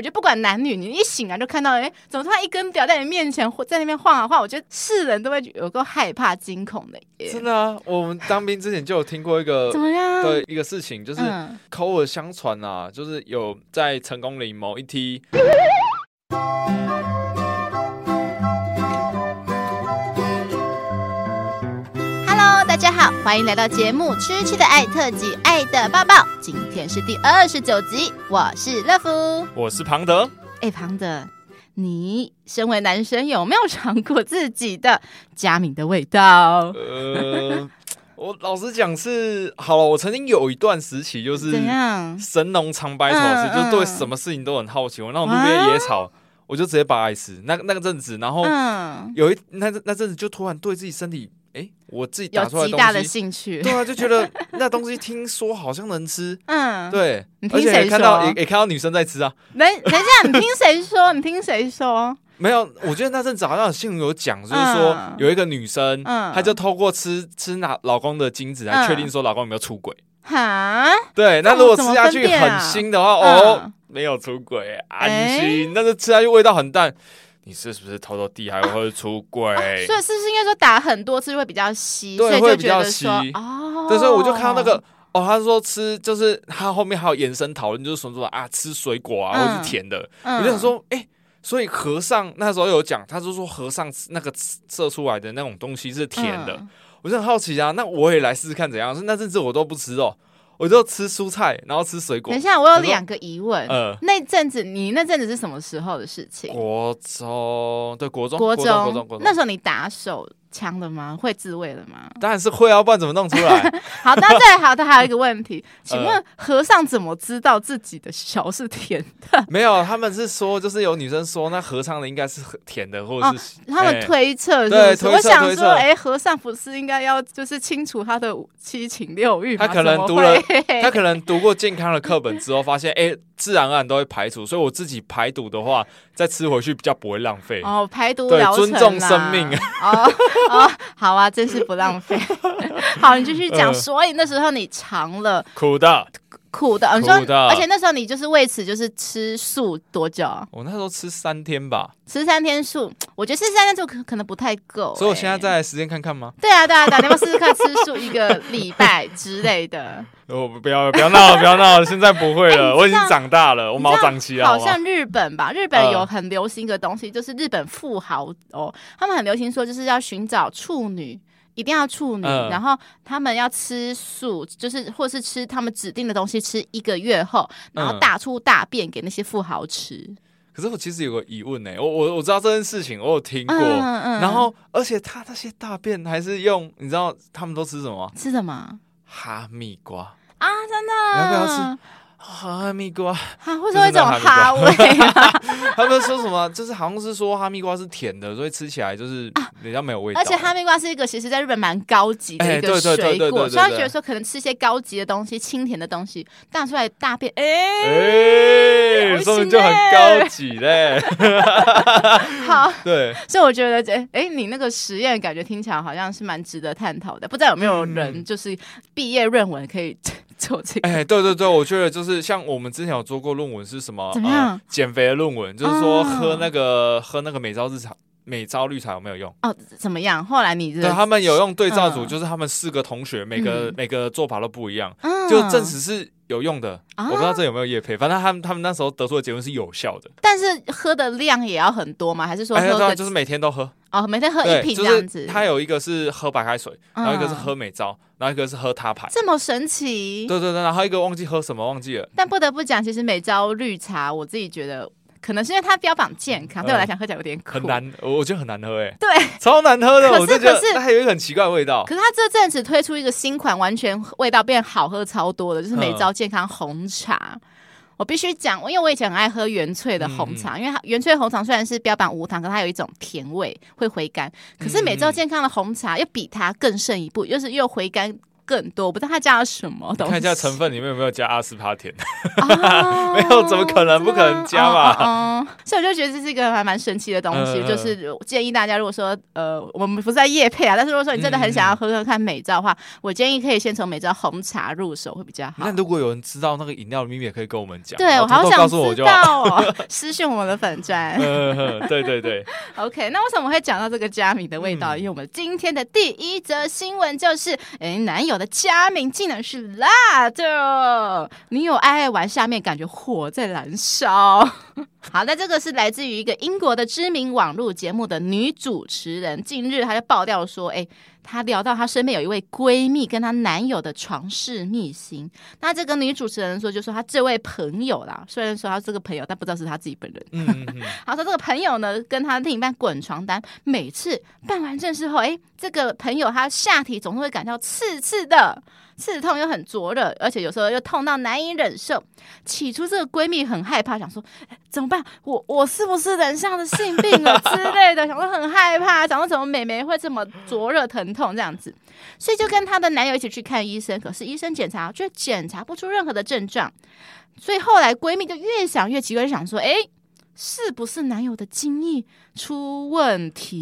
我覺得不管男女，你一醒來就看到，哎、欸，總算他一根屌在你面前或在那邊晃啊晃，我覺得世人都會有個害怕驚恐的耶。真的、啊，我們當兵之前就有聽過一個 怎麼樣？對，一個事情就是口耳、er、相傳啊，就是有在成功嶺某一梯。 好歡迎來到節目《吃吃的愛特輯，愛的爆爆》，今天是第二十九集。我是樂芙，我是龐德。哎，龐德，你身為男生有沒有嘗過自己的佳敏的味道？呃， 我老實講是好了，我曾經有一段時期就是神農嘗百草時，樣就對什麼事情都很好奇。嗯、我那種路邊野草，啊、我就直接拔來吃。那那個陣子，然後、嗯、有一那那陣子就突然對自己身體。哎，我自己打出來東西，對啊，就覺得那東西聽說好像能吃，嗯，對。你聽誰看到？也看到女生在吃啊？等一下，你聽誰說？你聽誰說？沒有，我覺得那陣子好像新聞有講，就是說有一個女生，嗯，她就透過吃吃那老公的精子來確定說老公有沒有出軌哈，對，那如果吃下去很腥的話，哦，沒有出軌，安心。但是吃下去味道很淡。你是不是偷偷地還會出軌、啊啊？所以是不是應該說打很多次會比較稀，對，會比較稀哦。所以我就看到那個哦，哦，他說吃就是他後面還有延伸討論，就是說什,什麼啊吃水果啊，嗯、或是甜的，嗯、我就想說哎、欸，所以和尚那時候有講，他就說和尚那個射出來的那種東西是甜的，嗯、我就很好奇啊。那我也來試試看怎樣。那陣子我都不吃肉。我就吃蔬菜，然後吃水果。等一下，我有兩個疑問。嗯，呃，那陣子你那陣子是什麼時候的事情？國中，對，國中，國中，國中，國中，那時候你打手。強的嗎？會自慰了嗎？當然是會啊，不然怎麼弄出來？ 好，那再好，他還有一個問題， 請問和尚怎麼知道自己的洨是甜的？呃、 沒有，他們是說，就是有女生說，那和尚的應該是甜的，或者是、哦、他們推測是，是？對我想說，哎、欸，和尚不是應該要就是清除他的七情六欲，他可能讀了， 他可能讀過健康的課本之後，發現哎。欸自然而然都會排除，所以我自己排毒的話，再吃回去比較不會浪費。哦，排毒了對，尊重生命啊！好啊，真是不浪費。 好，你繼續講。呃、所以那時候你嘗了，苦的。苦的，你說苦的，而且那時候你就是為此就是吃素多久啊？我那時候吃三天吧，吃三天素，我覺得吃三天素可可能不太夠、欸。所以我現在再來實踐看看嗎？對啊對啊，打電話試試看吃素一個禮拜之類的。我、 哦、不要不要鬧了，不要鬧了， 現在不會了，欸、我已經長大了，我毛長齊了。好，嗎好像日本吧，日本有很流行一個東西，呃、就是日本富豪哦，他們很流行說就是要尋找處女。一定要處女，嗯、然後他們要吃素，就是或是吃他們指定的東西，吃一個月後，然後大出大便給那些富豪吃。嗯、可是我其實有個疑問呢、欸，我我我知道這件事情，我有聽過，嗯嗯、然後而且他那些大便還是用，你知道他們都吃什麼？吃什麼？哈密瓜啊，真的？你要不要吃？哈密瓜哈、為什麼會這種哈味，啊、種哈味 他們說什麼？就是好像是說哈密瓜是甜的，所以吃起來就是比較沒有味道的、啊。而且哈密瓜是一個其實，在日本蠻高級的一個水果，所以他覺得說可能吃一些高級的東西，清甜的東西，大出來大便，哎、欸，所以、欸欸、就很高級嘞、欸。欸、 好，對，所以我覺得，哎、欸、哎，你那個實驗感覺聽起來好像是蠻值得探討的，不知道有沒有人就是畢業論文可以。哎，對對對，我覺得就是像我們之前有做過論文，是什麼？減肥的論文，就是說喝那個喝那個每朝日常每朝綠茶有沒有用？哦，怎麼樣？後來你對他們有用對照組，就是他們四個同學每個每個做法都不一樣，就證實是有用的。我不知道這有沒有業配，反正他們他們那時候得出的結論是有效的。但是喝的量也要很多嗎？還是說喝就是每天都喝哦，每天喝一瓶這樣子。他有一個是喝白開水，然後一個是喝每朝，然後一個是喝他牌？這麼神奇？對對對，然後一個忘記喝什麼忘記了。但不得不講，其實每朝綠茶，我自己覺得可能是因為它標榜健康，對、嗯、我來講喝起來有點苦，很難，我覺得很難喝誒。對，超難喝的，可是可是我是覺得。它還有一個很奇怪的味道。可是它這陣子推出一個新款，完全味道變好喝超多的，就是每朝健康紅茶。嗯我必須講，因為我以前很愛喝原萃的紅茶，嗯嗯，因為它原萃紅茶雖然是標榜無糖，可它有一種甜味，會回甘。可是每周健康的紅茶又比它更勝一步，又、就是又回甘。更多，我不知道它加了什麼東西，看一下成分裡面有沒有加阿斯巴甜。沒有，怎麼可能，不可能加嘛。所以我就覺得這是一個還蠻神奇的東西。就是建議大家，如果說呃，我們不是在業配啊，但是如果說你真的很想要喝喝看美照的話，我建議可以先從美照紅茶入手會比較好。那如果有人知道那個飲料的秘密，也可以跟我們講。對，我好想知道哦，告訴我，就私訊我們的粉專。對對對，OK。那為什麼會講到這個加米的味道？因為我們今天的第一則新聞就是，哎，男友。的加名竟然是辣的，你有愛愛完下面感覺火在燃燒。 好，那這個是來自於一個英國的知名網絡節目的女主持人，近日她就爆料說，哎、欸。她聊到她身邊有一位閨蜜跟她男友的床事祕辛，那這個女主持人說，就說她這位朋友啦，雖然說她這個朋友，但不知道是她自己本人。她、嗯嗯嗯、 說這個朋友呢，跟她另一半滾床單，每次辦完正事後，哎、欸，這個朋友她下體總是會感到刺刺的。刺痛又很灼熱，而且有時候又痛到難以忍受。起初這個閨蜜很害怕，想說、欸、怎麼辦？我我是不是染上了性病了之類的？ 想說很害怕，想說怎麼美眉會這麼灼熱疼痛這樣子，所以就跟她的男友一起去看醫生。可是醫生檢查卻檢查不出任何的症狀，所以後來閨蜜就越想越奇怪，想說：哎、欸，是不是男友的精液出問題？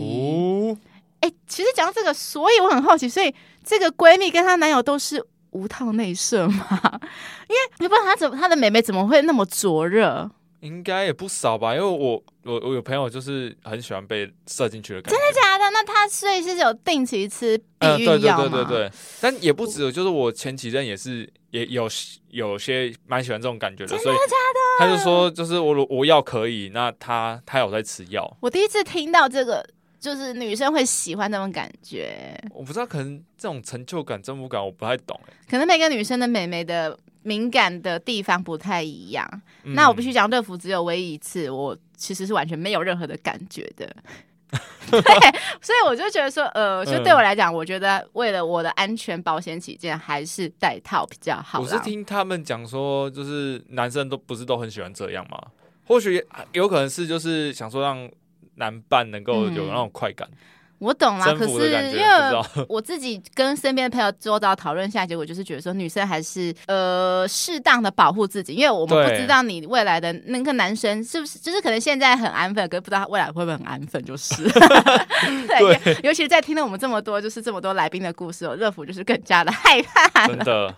哎、哦欸，其實講到這個，所以我很好奇，所以。這個閨蜜跟她男友都是無套內射嗎？因為你不知道她怎麼，她的妹妹怎麼會那麼灼熱？應該也不少吧，因為我我我有朋友就是很喜歡被射進去的感覺。真的假的？那她所以是有定期吃避孕藥嗎？啊，對對對對對，但也不止，就是我前幾任也是也有有些蠻喜歡這種感覺的。真的假的？她就說就是我我藥可以，那她她有在吃藥。我第一次聽到這個。就是女生會喜歡那種感覺，我不知道，可能這種成就感、征服感，我不太懂哎、欸。可能每個女生的、妹妹的敏感的地方不太一樣。嗯、那我必須講，樂芙只有唯一一次，我其實是完全沒有任何的感覺的。 對，所以我就覺得說，呃，所以對我來講，嗯、我覺得為了我的安全保險起見，還是戴套比較好。我是聽他們講說，就是男生都不是都很喜歡這樣嗎？或許有可能是，就是想說讓。男伴能夠有那種快感，嗯、我懂啦。可是因為我自己跟身邊的朋友做到討論一下，結果就是覺得說，女生還是呃適當的保護自己，因為我們不知道你未來的那個男生是不是，對 就是可能現在很安分，可是不知道他未來會不會很安分，就是。 對，對，尤其是在聽了我們這麼多，就是這麼多來賓的故事哦，樂芙就是更加的害怕了。真的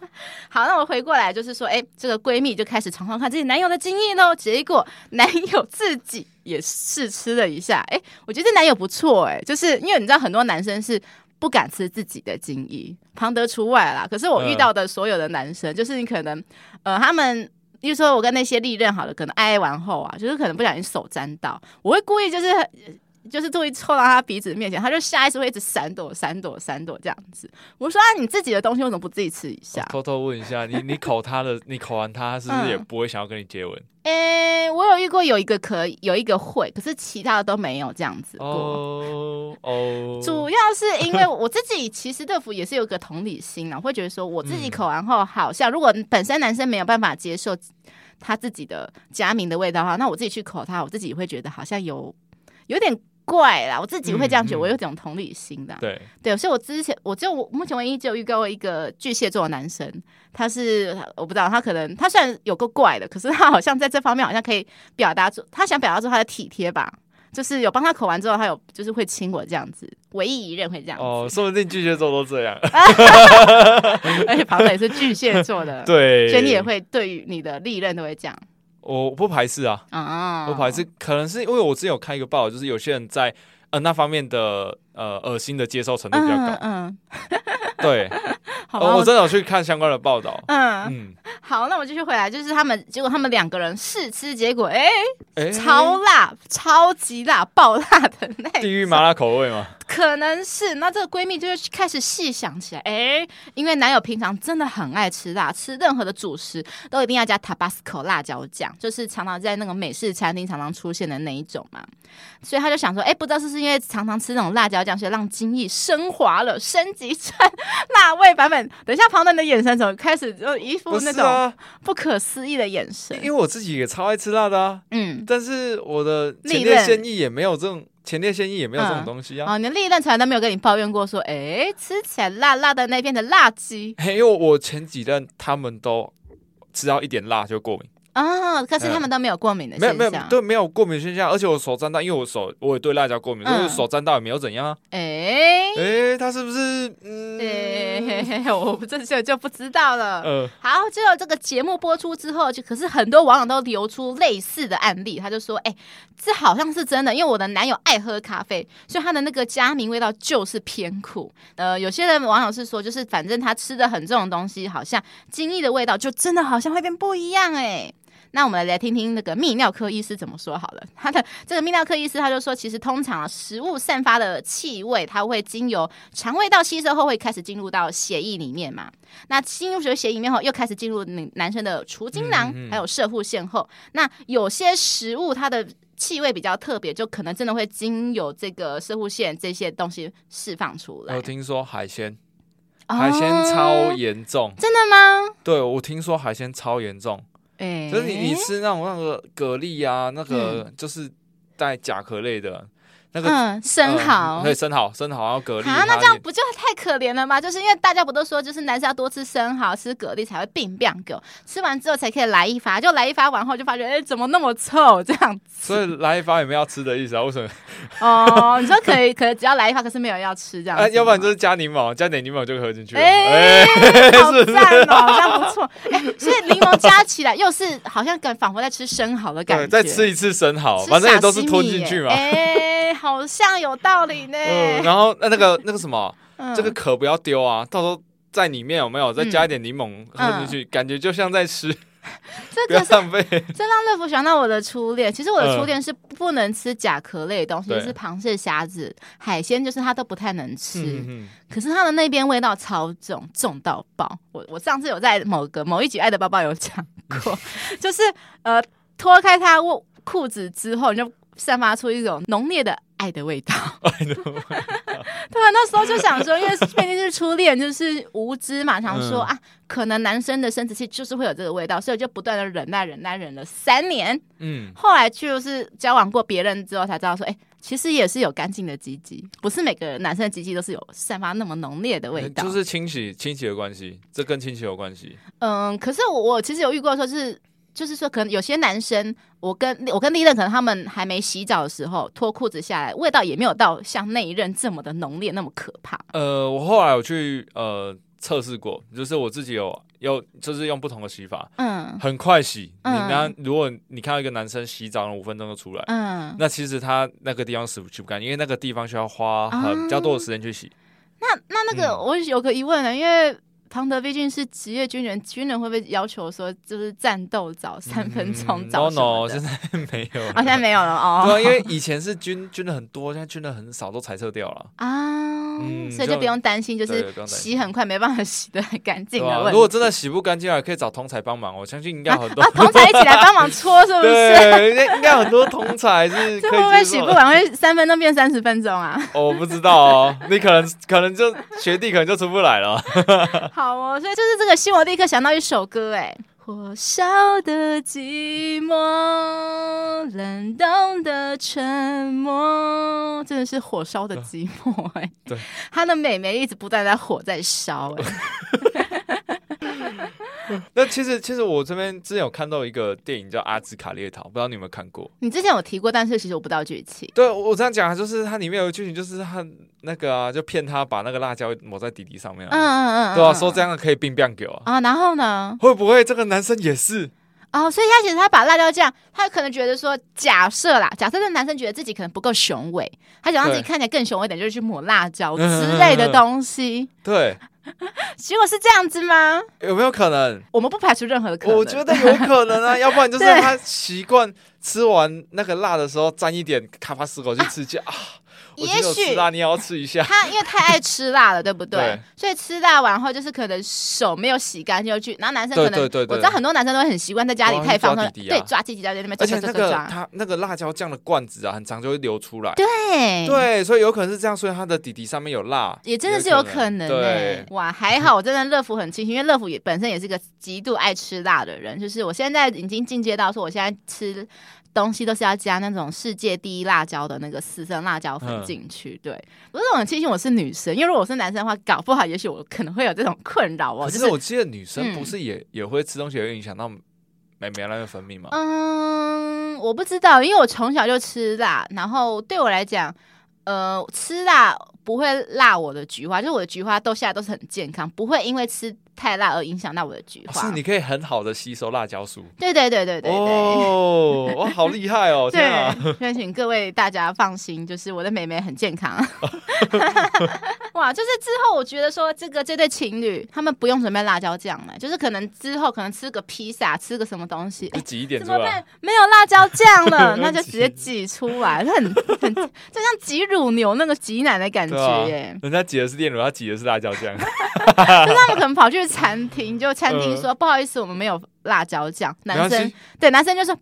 好，那我回過來就是說，哎、欸，這個閨蜜就開始嘗嘗看自己男友的經驗嘍，結果男友自己。也試吃了一下，哎、欸，我覺得這男友不錯，哎，就是因為你知道很多男生是不敢吃自己的精液。龐德除外啦。可是我遇到的所有的男生，嗯、就是你可能，呃，他們，比如說我跟那些歷任好了，可能愛，愛完後啊，就是可能不小心手沾到，我會故意就是。呃就是終於湊到他鼻子面前，他就下意識會一直閃躲、閃躲、閃躲這樣子。我說：“啊，你自己的東西為什麼不自己吃一下？” oh, 偷偷問一下，你你口他的， 你口完他是不是也不會想要跟你接吻？誒、嗯欸，我有遇過有一個可有一個會，可是其他的都沒有這樣子哦哦，oh, oh, 主要是因為我自己其實樂芙也是有個同理心啊， 會覺得說我自己口完後，好像如果本身男生沒有辦法接受他自己的家明的味道哈，那我自己去口他，我自己會覺得好像有有點。怪啦，我自己會這樣覺得，我有種同理心的，啊嗯嗯。對，對所以我之前我就我目前唯一就遇過一個巨蟹座的男生，他是我不知道他可能他雖然有夠怪的，可是他好像在這方面好像可以表達出他想表達出他的體貼吧，就是有幫他口完之後，他有就是會親我這樣子，唯一一任會這樣。哦，說不定巨蟹座都這樣， 而且龐德也是巨蟹座的， 對，所以你也會對於你的歷任都會這樣。我不排斥啊，啊，oh. 不排斥，可能是因為我之前有看一個報導，就是有些人在呃那方面的呃噁心的接受程度比較高，嗯。Uh, uh, uh. 對好嗎、哦，我真的有去看相關的報道。嗯，嗯好，那我繼續回來，就是他們結果他們兩個人試吃，結果哎，欸欸、超辣，超級辣，爆辣的那種地獄麻辣口味嗎？可能是。那這個閨蜜就是開始細想起來，哎、欸，因為男友平常真的很愛吃辣，吃任何的主食都一定要加 Tabasco 辣椒醬，就是常常在那個美式餐廳常常出現的那一種嘛。所以她就想說，哎、欸，不知道是不是因為常常吃那種辣椒醬，所以讓精液升華了，升級串。辣味版本，等一下，龐德的眼神怎麼開始就一副那種不可思議的眼神、啊？因為我自己也超愛吃辣的啊，嗯，但是我的前列腺液也沒有這種前列腺液也沒有這種東西啊。嗯、啊你你另一段從來都沒有跟你抱怨過說，誒、欸，吃起來辣辣的那邊的辣雞？因為我前幾段他們都吃到一點辣就過敏。啊、哦！可是他們都沒有過敏的現象，呃、沒有對沒，沒有過敏現象，而且我手沾到，因為我手我也對辣椒過敏，所以、嗯、手沾到也沒有怎樣。哎哎、欸欸，他是不是？哎、嗯欸，我們這下就，就不知道了。呃、好，最後這個節目播出之後，就可是很多網友都流出類似的案例，他就說：“哎、欸，這好像是真的，因為我的男友愛喝咖啡，所以他的那個加名味道就是偏苦。”呃，有些人網友是說，就是反正他吃的很重的東西，好像精液的味道就真的好像會變不一樣、欸。哎。那我們來聽聽那個泌尿科醫師怎麼說好了。他的這個泌尿科醫師他就說，其實通常食物散發的氣味，它會經由腸胃道吸收後，會開始進入到血液裡面嘛。那進入血液裡面後，又開始進入男生的儲精囊還有攝護腺後。那有些食物它的氣味比較特別，就可能真的會經由這個攝護腺這些東西釋放出來。我聽說海鮮，海鮮超嚴重。哦，真的嗎？對，我聽說海鮮超嚴重。欸、就是你，你吃那種那個蛤蜊啊，那個就是帶甲殼類的。嗯那生、個、蠔，對、嗯，生蠔、嗯、生蠔要蛤蜊。啊，那這樣不就太可憐了嗎？就是因為大家不都說，就是男生要多吃生蠔、吃蛤蜊才會變變狗，吃完之後才可以來一發，就來一發完後就發覺，哎、欸，怎麼那麼臭這樣子？所以來一發有沒有要吃的意思啊？為什麼？哦，你說可以，可只要來一發，可是沒有要吃這樣。哎、啊，要不然就是加檸檬，加點檸檬就喝進去。哎，好讚哦、喔，好像 不錯。哎、欸，所以檸檬加起來又是好像更仿佛在吃生蠔的感覺、欸。再吃一次生蠔，反正也都是吞進去嘛。哎、欸。欸好像有道理呢、嗯。然後那，那個那個什麼，嗯、這個殼不要丟啊，到時候在裡面有沒有再加一點檸檬喝進去，嗯嗯、感覺就像在吃。 這個是，這讓樂福想到我的初戀。其實我的初戀是不能吃甲殼類的東西，嗯、就是螃蟹、蝦子、海鮮，就是他都不太能吃。對可是他的那邊味道超重，重到爆。我我上次有在某個某一集《愛的爆爆》有講過， 就是呃脫開他褲褲子之後，你就。散發出一種濃烈的愛的味道。 對、啊，那時候就想說，因為 畢竟是初戀，就是無知嘛。常說啊，可能男生的生殖器就是會有這個味道，所以就不斷的忍耐、忍耐、忍了三年。嗯，後來就是交往過別人之後才知道說，哎、欸，其實也是有乾淨的雞雞，不是每個男生的雞雞都是有散發那麼濃烈的味道、欸，就是清洗、清洗的關係，這跟清洗有關係。嗯，可是我我其實有遇過，說是。就是說，可能有些男生我，我跟我跟第一任，可能他們還沒洗澡的時候脫褲子下來，味道也沒有到像那一任這麼的濃烈，那麼可怕。呃，我後來有去呃測試過，就是我自己有有，就是用不同的洗法，嗯，很快洗。你嗯，那如果你看到一個男生洗澡了五分鐘就出來，嗯，那其實他那個地方洗不乾淨，因為那個地方需要花很較多的時間去洗。嗯，那那那個我有個疑問呢，因為。龐德畢竟是職業軍人，軍人會不會要求說就是戰鬥澡三分鐘澡？哦、嗯嗯、no,，no，現在沒有，啊，現在沒有了哦。對、啊，因為以前是軍軍人很多，現在軍人很少，都裁撤掉了啊，嗯、就所以就不用擔心就是洗很快沒辦法洗得很乾淨的，很乾淨的問題。如果真的洗不乾淨啊，可以找同才幫忙，我相信應該很多啊，同、啊、才一起來幫忙搓，是不是？ 對應該很多同才是。這會不會洗不完會三分鐘變三十分鐘啊、哦？我不知道哦，你可能可能就學弟可能就出不來了。 好哦，所以就是這個心，我立刻想到一首歌。欸，哎，火燒的寂寞，冷凍的沉默，真的是火燒的寂寞。欸，哎、啊，對，他的妹妹一直不斷在火在燒。欸，哎、啊。 那其實，其實我這邊之前有看到一個電影叫《阿茲卡列桃》，不知道你有沒有看過？你之前有提過，但是其實我不知道劇情。對，我這樣講就是它裡面有個劇情，就是他那個啊，就騙他把那個辣椒抹在弟弟上面。嗯，嗯嗯嗯，對啊，說這樣可以變變狗我。啊，然後呢？會不會這個男生也是？哦，所以他其實他把辣椒這樣，他可能覺得說，假設啦，假設這男生覺得自己可能不夠雄偉，他想讓自己看起來更雄偉一點，就是去抹辣椒之類的東西。嗯嗯嗯嗯對。結果是這樣子嗎？有沒有可能？我們不排除任何可能。我覺得有可能啊， 要不然就是他習慣吃完那個辣的時候，沾一點卡巴斯狗去吃醬啊。啊辣也許，你也要吃一下。他因為太愛吃辣了， 對不對？對，所以吃辣完後，就是可能手沒有洗乾淨就去。然後男生可能，我知道很多男生都很習慣在家裡太放鬆，對，抓雞雞在那邊。而且這個他那個辣椒醬的罐子，啊，很常就會流出來。對對，所以有可能是這樣。所以他的弟弟上面有辣，也真的是有可能。對，哇，還好，我真的樂福很慶幸，因為樂福也本身也是個極度愛吃辣的人。就是我現在已經進階到說，我現在吃。東西都是要加那種世界第一辣椒的那個死神辣椒粉進去，嗯、對，我是我很慶幸我是女生，因為如果我是男生的話，搞不好也許我可能會有這種困擾、喔。其、就、實、是、我記得女生不是也、嗯、也會吃東西會影響到妹妹那個分泌嗎？嗯，我不知道，因為我從小就吃辣，然後對我來講，呃，吃辣不會辣我的菊花，就是我的菊花都現在都是很健康，不會因為吃太辣而影響到我的菊花、哦。是你可以很好的吸收辣椒素，對對對對對對，對、哦。啊、好厲害哦！啊、對，先請各位大家放心，就是我的妹妹很健康。 哇，就是之後我覺得說，這個這對情侶他們不用準備辣椒醬了，就是可能之後可能吃個披薩，吃個什麼東西，擠一點出來，欸、怎麼辦？沒有辣椒醬了，那 就直接擠出來，很很就像擠乳牛那個擠奶的感覺耶、啊，人家擠的是煉乳，他擠的是辣椒醬， 就他們可能跑去餐廳，就餐廳說、呃、不好意思，我們沒有辣椒醬，男生對男生就說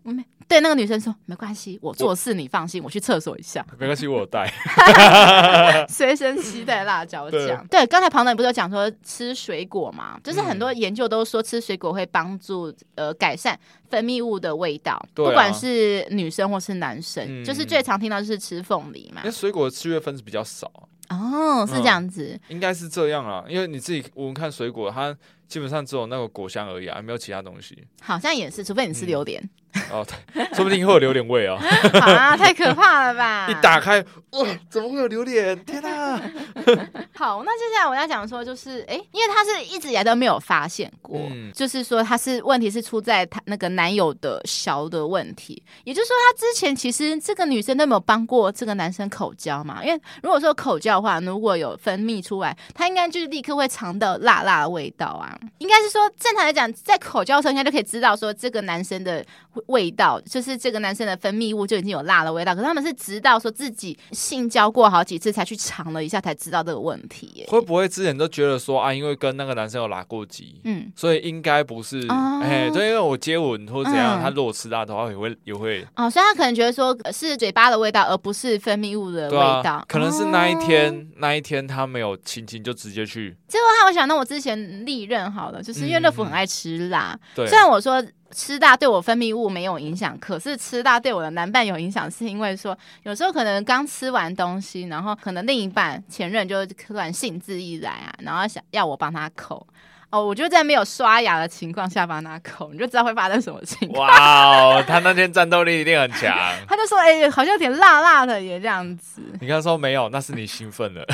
對那個女生說：“沒關係，我做事我你放心，我去廁所一下。”“沒關係，我有帶。 ”隨 身攜帶辣椒醬。對，剛才龐德不是有講說吃水果嘛？嗯、就是很多研究都說吃水果會幫助呃改善分泌物的味道，不管是女生或是男生，嗯、就是最常聽到就是吃鳳梨嘛。那水果的氣味分子比較少哦，是這樣子，嗯、應該是這樣啊，因為你自己聞看水果，它基本上只有那個果香而已、啊，沒有其他東西。好像也是，除非你吃榴蓮。嗯 哦，說不定會有榴蓮味啊！啊，太可怕了吧！ 一打開，哇，怎麼會有榴蓮？天哪，啊！ 好，那接下來我要講說，就是哎、欸，因為她是一直以來都沒有發現過，嗯、就是說她是問題，是出在她那個男友的洨的問題。也就是說，她之前其實這個女生都沒有幫過這個男生口交嘛？因為如果說口交的話，如果有分泌出來，她應該就是立刻會嘗到辣辣的味道啊！應該是說正常來講，在口交的時候，應該就可以知道說這個男生的。味道就是這個男生的分泌物就已經有辣的味道，可是他們是直到說自己性交過好幾次才去嘗了一下，才知道這個問題、欸。會不會之前都覺得說啊，因為跟那個男生有辣過激，嗯，所以應該不是，哎、啊欸，對，因為我接吻或怎樣，嗯、他如果吃辣的話也會也會。哦，所以他可能覺得說是嘴巴的味道，而不是分泌物的味道。啊、可能是那一天、啊、那一天他沒有親親，請請，就直接去。結果。他我想到我之前歷任好了，就是因為樂芙很愛吃辣，嗯嗯雖然我說。吃辣對我分泌物沒有影響，可是吃辣對我的男伴有影響，是因為說有時候可能剛吃完東西，然後可能另一半前任就突然興致一來啊，然後想要我幫他口。哦，我就在沒有刷牙的情況下，把那口，你就知道會發生什麼情況。哇，Wow, 他那天戰鬥力一定很強。 他就說：“哎、欸，好像有點辣辣的耶，也這樣子。”你剛剛說沒有，那是你興奮了。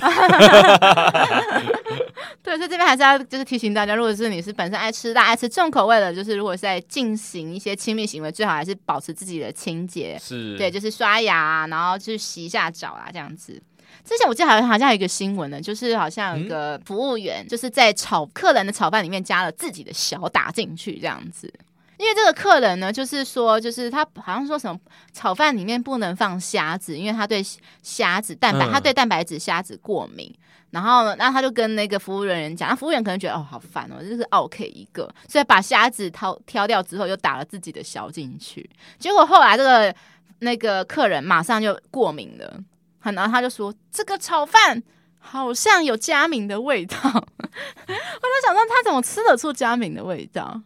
對，所以這邊還是要就是提醒大家，如果是你是本身愛吃辣、愛吃重口味的，就是如果是在進行一些親密行為，最好還是保持自己的清潔。是，對，就是刷牙，然後去洗一下澡啊，這樣子。之前我記得好像好像有一個新聞呢，就是好像有一個服務員，就是在炒客人的炒飯裡面加了自己的洨打進去這樣子。因為這個客人呢，就是說，就是他好像說什麼炒飯裡面不能放蝦子，因為他對蝦子蛋白，他對蛋白質蝦子過敏。嗯、然後，那他就跟那個服務員人員講，那服務員可能覺得哦，好煩哦，這是 OK 一個，所以把蝦子掏、挑掉之後，又打了自己的洨進去。結果後來這個那個客人馬上就過敏了。然後他就說：“這個炒飯好像有佳明的味道。 ”我在想說，他怎麼吃得出佳明的味道？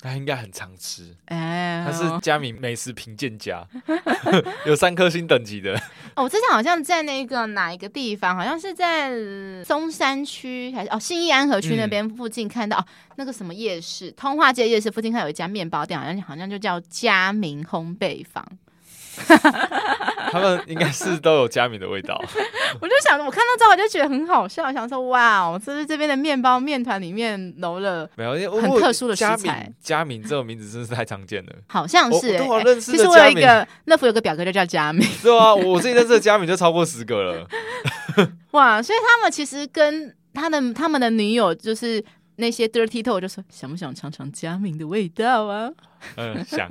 他應該很常吃。哎、欸，他是佳明美食評鑑家， 有三顆星等級的。哦，我之前好像在那個哪一個地方，好像是在松山區還是哦信義安和區那邊附近看到、嗯哦、那個什麼夜市，通化街夜市附近看有一家麵包店，好像好像就叫佳明烘焙坊。 他們應該是都有佳敏的味道， 我就想，我看到之後我就覺得很好笑，想說哇，哦，是這邊的麵包麵糰裡面揉了有很特殊的食材。佳敏、哦、這個名字真是太常見了，好像是。其實我有一個樂芙有個表哥就叫佳敏，是啊，我自己在這佳敏就超過十個了。 哇，所以他們其實跟他的他們的女友就是。那些 dirty talk，就說想不想嘗嘗佳明的味道啊？嗯，想，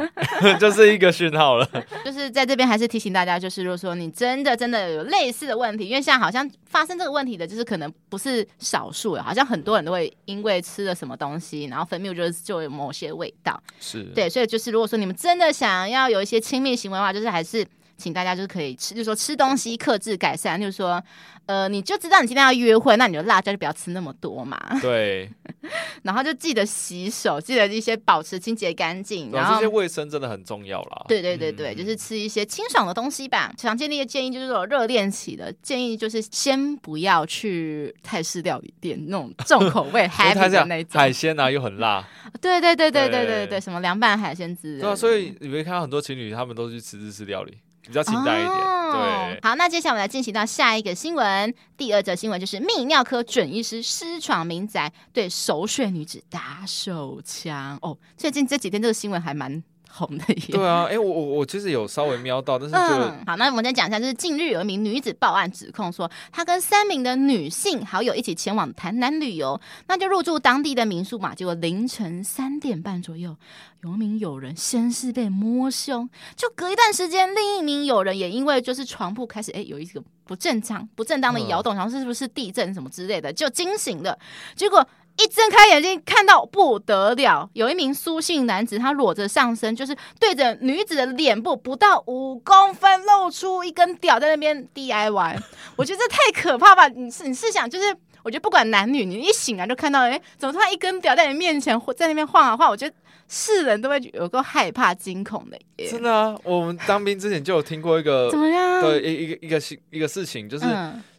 這 是一個訊號了。就是在這邊還是提醒大家，就是如果說你真的真的有類似的問題，因為現在好像發生這個問題的，就是可能不是少數，好像很多人都會因為吃了什麼東西，然後分泌就是就有某些味道。是對，所以就是如果說你們真的想要有一些親密行為的話，就是還是。請大家就是可以吃，就是、說吃東西克制改善，就是說，呃，你就知道你今天要約會，那你的辣椒就不要吃那麼多嘛。對， 然後就記得洗手，記得一些保持清潔乾淨，然後對這些衛生真的很重要啦。對對對對，嗯、就是吃一些清爽的東西吧。常建立的建議就是說，熱戀期的建議就是先不要去泰式料理店那種重口味，海鮮 那種海鮮啊又很辣。 對對對對對對對，對什麼涼拌海鮮汁。對啊，所以你會看到很多情侶他們都去吃日式料理。比較簡單一點，哦、對。好，那接下來我們來進行到下一個新聞。第二則新聞就是泌尿科準醫師私闖民宅，對熟睡女子打手槍。哦，最近這幾天這個新聞還蠻。紅的耶。對啊，哎，我我我其實有稍微瞄到，但是嗯，好，那我們再講一下，就是近日有一名女子報案指控說，她跟三名的女性好友一起前往台南旅遊，那就入住當地的民宿嘛，結果凌晨三點半左右，有一名友人先是被摸胸，就隔一段時間，另一名友人也因為就是床鋪開始哎有一個不正常、不正當的搖動，然後、嗯、是不是地震什麼之類的，就驚醒了結果。一睜開眼睛看到不得了，有一名蘇姓男子，他裸着上身，就是對着女子的臉部不到五公分，露出一根屌在那邊 DIY。我覺得這太可怕吧？你是你是想就是，我覺得不管男女，你一醒來、啊、就看到，哎、欸，怎麼突然一根屌在你面前或在那邊晃啊晃？我覺得。世人都會有個害怕、驚恐的耶。真的啊，我們當兵之前就有聽過一個 怎麼樣？對，一個一個一個事一個事情，就是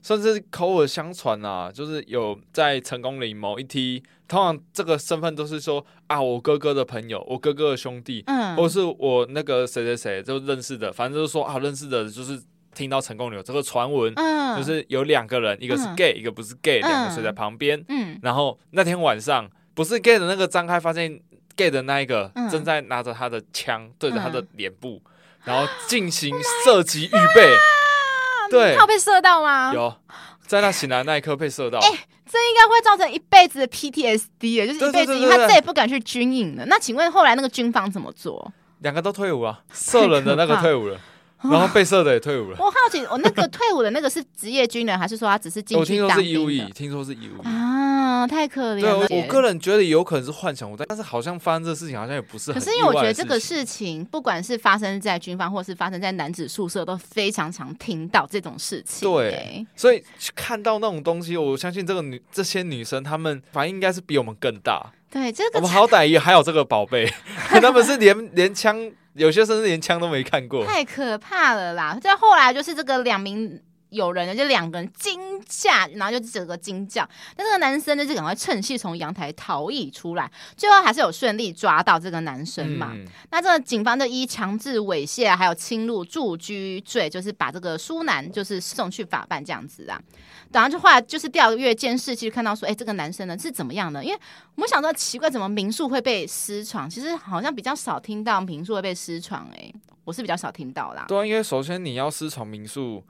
算是、嗯、口耳相傳啊。就是有在成功嶺某一梯，通常這個身份都是說啊，我哥哥的朋友，我哥哥的兄弟，嗯，或是我那個誰誰誰就認識的，反正就是說啊，認識的，就是聽到成功嶺有這個傳聞，嗯，就是有兩個人，一個是 gay，、嗯、一個不是 gay，兩個睡在旁邊，嗯，然後那天晚上不是 gay 的那個張開發現。g a y 的那一個正在拿着他的槍對着他的臉部，嗯、然後進行射擊預備。 對，他被射到嗎？有，在他醒來的那一刻被射到。哎、欸，這應該會造成一輩子的 PTSD，也就是一輩子，因為他再也不敢去軍營了。對對對對對。那請問後來那個軍方怎麼做？兩個都退伍了、啊，射人的那個退伍了。然後被射的也退伍了、哦。我好奇，我那個退伍的那個是職業軍人， 還是說他只是進去當兵？聽說是義務役。聽說是義務役。啊，太可憐了。對、欸、我個人覺得有可能是幻想，但但是好像發生這事情好像也不是很。可是因為我覺得這個事情，不管是發生在軍方，或是發生在男子宿舍，都非常常聽到這種事情、欸。對，所以看到那種東西，我相信這個女這些女生，她們反應應，應該是比我們更大。對，這個、我們好歹也還有這個寶貝，他 們是連連槍。有些甚至連槍都沒看過，太可怕了啦。再後來就是這個兩名。有人呢，就兩個人驚嚇，然後就整個驚叫。但這個男生呢，就趕快趁隙從陽台逃逸出來。最後還是有順利抓到這個男生嘛。嗯、那這個警方就以強制猥褻還有侵入住居罪，就是把這個蘇男就是送去法辦這樣子啊。等下就話就是調閱監視器看到說，哎、欸，這個男生呢是怎麼樣的？因為我想說奇怪，怎麼民宿會被私闖？其實好像比較少聽到民宿會被私闖，哎，我是比較少聽到啦。對，因為首先你要私闖民宿。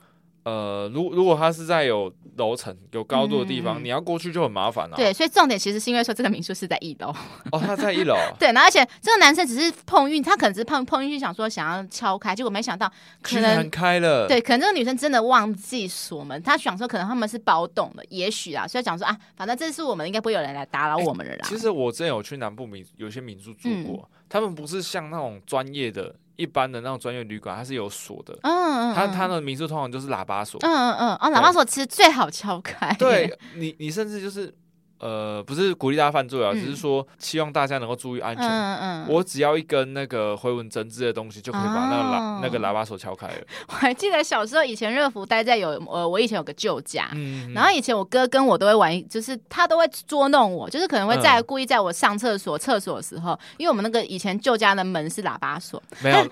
呃，如如果他是在有樓層、有高度的地方，嗯嗯，你要過去就很麻煩了啊。對，所以重點其實是因為說這個民宿是在一樓。哦，他在一樓。 對，然後而且這個男生只是碰運氣，他可能只是碰碰運氣，想說想要敲開，結果沒想到可能開了。對，可能這個女生真的忘記鎖門，她想說可能他們是包棟的，也許啊，所以講說啊，反正這次我們應該不會有人來打擾我們了啦，欸。其實我之前有去南部民，有些民宿住過，嗯、他們不是像那種專業的。一般的那種專業旅館，它是有鎖的，嗯，嗯，嗯，它它的民宿通常就是喇叭鎖，嗯嗯嗯，哦，喇叭鎖其實最好敲開，對你，你甚至就是。呃，不是鼓勵大家犯罪啊，嗯、只是說希望大家能夠注意安全。嗯嗯、我只要一根那個回紋針織的東西，就可以把那個喇那個喇叭鎖敲開了、哦。我還記得小時候，以前熱敷待在有呃，我以前有個舊家，嗯、然後以前我哥跟我都會玩，就是他都會捉弄我，就是可能會在故意在我上廁所廁所、嗯、的時候，因為我們那個以前舊家的門是喇叭鎖，沒有。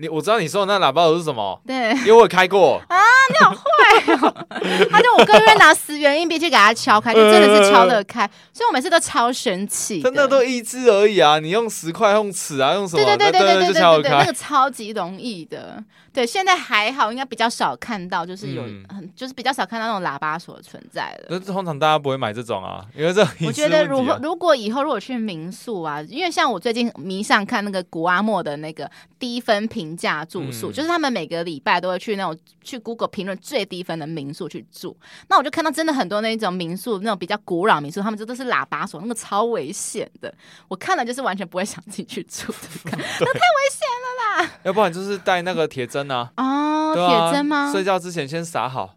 你我知道你說的那喇叭是什麼？對，因為我有開過啊，你好壞哦、喔！ 他就我哥會拿十元硬幣去給他敲開， 就真的是敲得開，呃呃所以我每次都超神奇。真的都一只而已啊，你用十塊，用尺啊，用什麼？對對對對對對對對,對對對對對，那個超級容易的。對，現在還好，應該比較少看到，就是有很，嗯、就是比較少看到那種喇叭鎖存在的。那通常大家不會買這種啊，因為這我覺得如果如果以後如果去民宿啊，因為像我最近迷上看那個古阿莫的那個。低分評價住宿，嗯、就是他們每個禮拜都會去那種去 Google 評論最低分的民宿去住。那我就看到真的很多那種民宿，那種比較古老民宿，他們就都是喇叭鎖，那個超危險的。我看了就是完全不會想進去住， 對 那太危險了啦！要不然就是帶那個鐵針啊， 哦，啊、鐵針嗎？睡覺之前先撒好。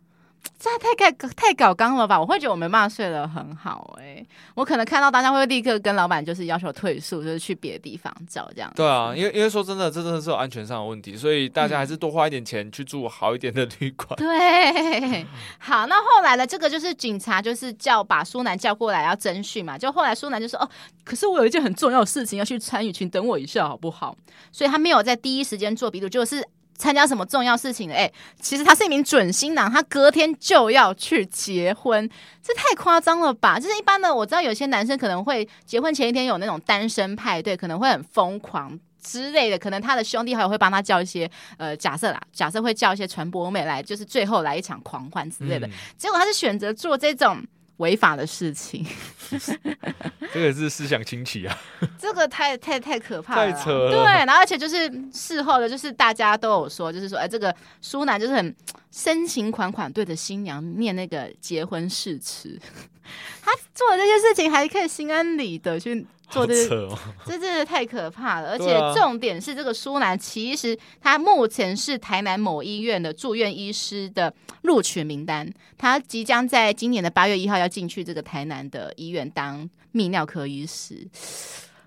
這太，太，太搞太搞，剛了吧，我會覺得我沒辦法睡得很好誒、欸，我可能看到大家會立刻跟老闆就是要求退宿，就是去別的地方找這樣。對啊，因為因為說真的，這真的是有安全上的問題，所以大家還是多花一點錢去住好一點的旅館。嗯。對，好，那後來呢？這個就是警察就是叫把蘇男叫過來要偵訊嘛。就後來蘇男就說：“哦，可是我有一件很重要的事情要去參與，請等我一下好不好？”所以他沒有在第一時間做筆錄，就是。參加什麼重要事情？誒、欸，其實他是一名準新郎，他隔天就要去結婚，這太誇張了吧？就是一般的，我知道有些男生可能會結婚前一天有那種單身派對，可能會很瘋狂之類的。可能他的兄弟好友會幫他叫一些，呃，假設啦，假設會叫一些傳播妹美來，就是最後來一場狂歡之類的。嗯、結果他是選擇做這種違法的事情， 這個是思想清奇啊！ 這個太太太可怕了，太扯了。對，然後而且就是事後的，就是大家都有說，就是說，哎，這個蘇南就是很深情款款對着新娘念那個結婚誓詞， 他做了這些事情，還可以心安理得去。這的，哦、這真的太可怕了！而且重點是，這個蘇男其實他目前是台南某醫院的住院醫師的錄取名單，他即將在今年的八月一號要進去這個台南的醫院當泌尿科醫師。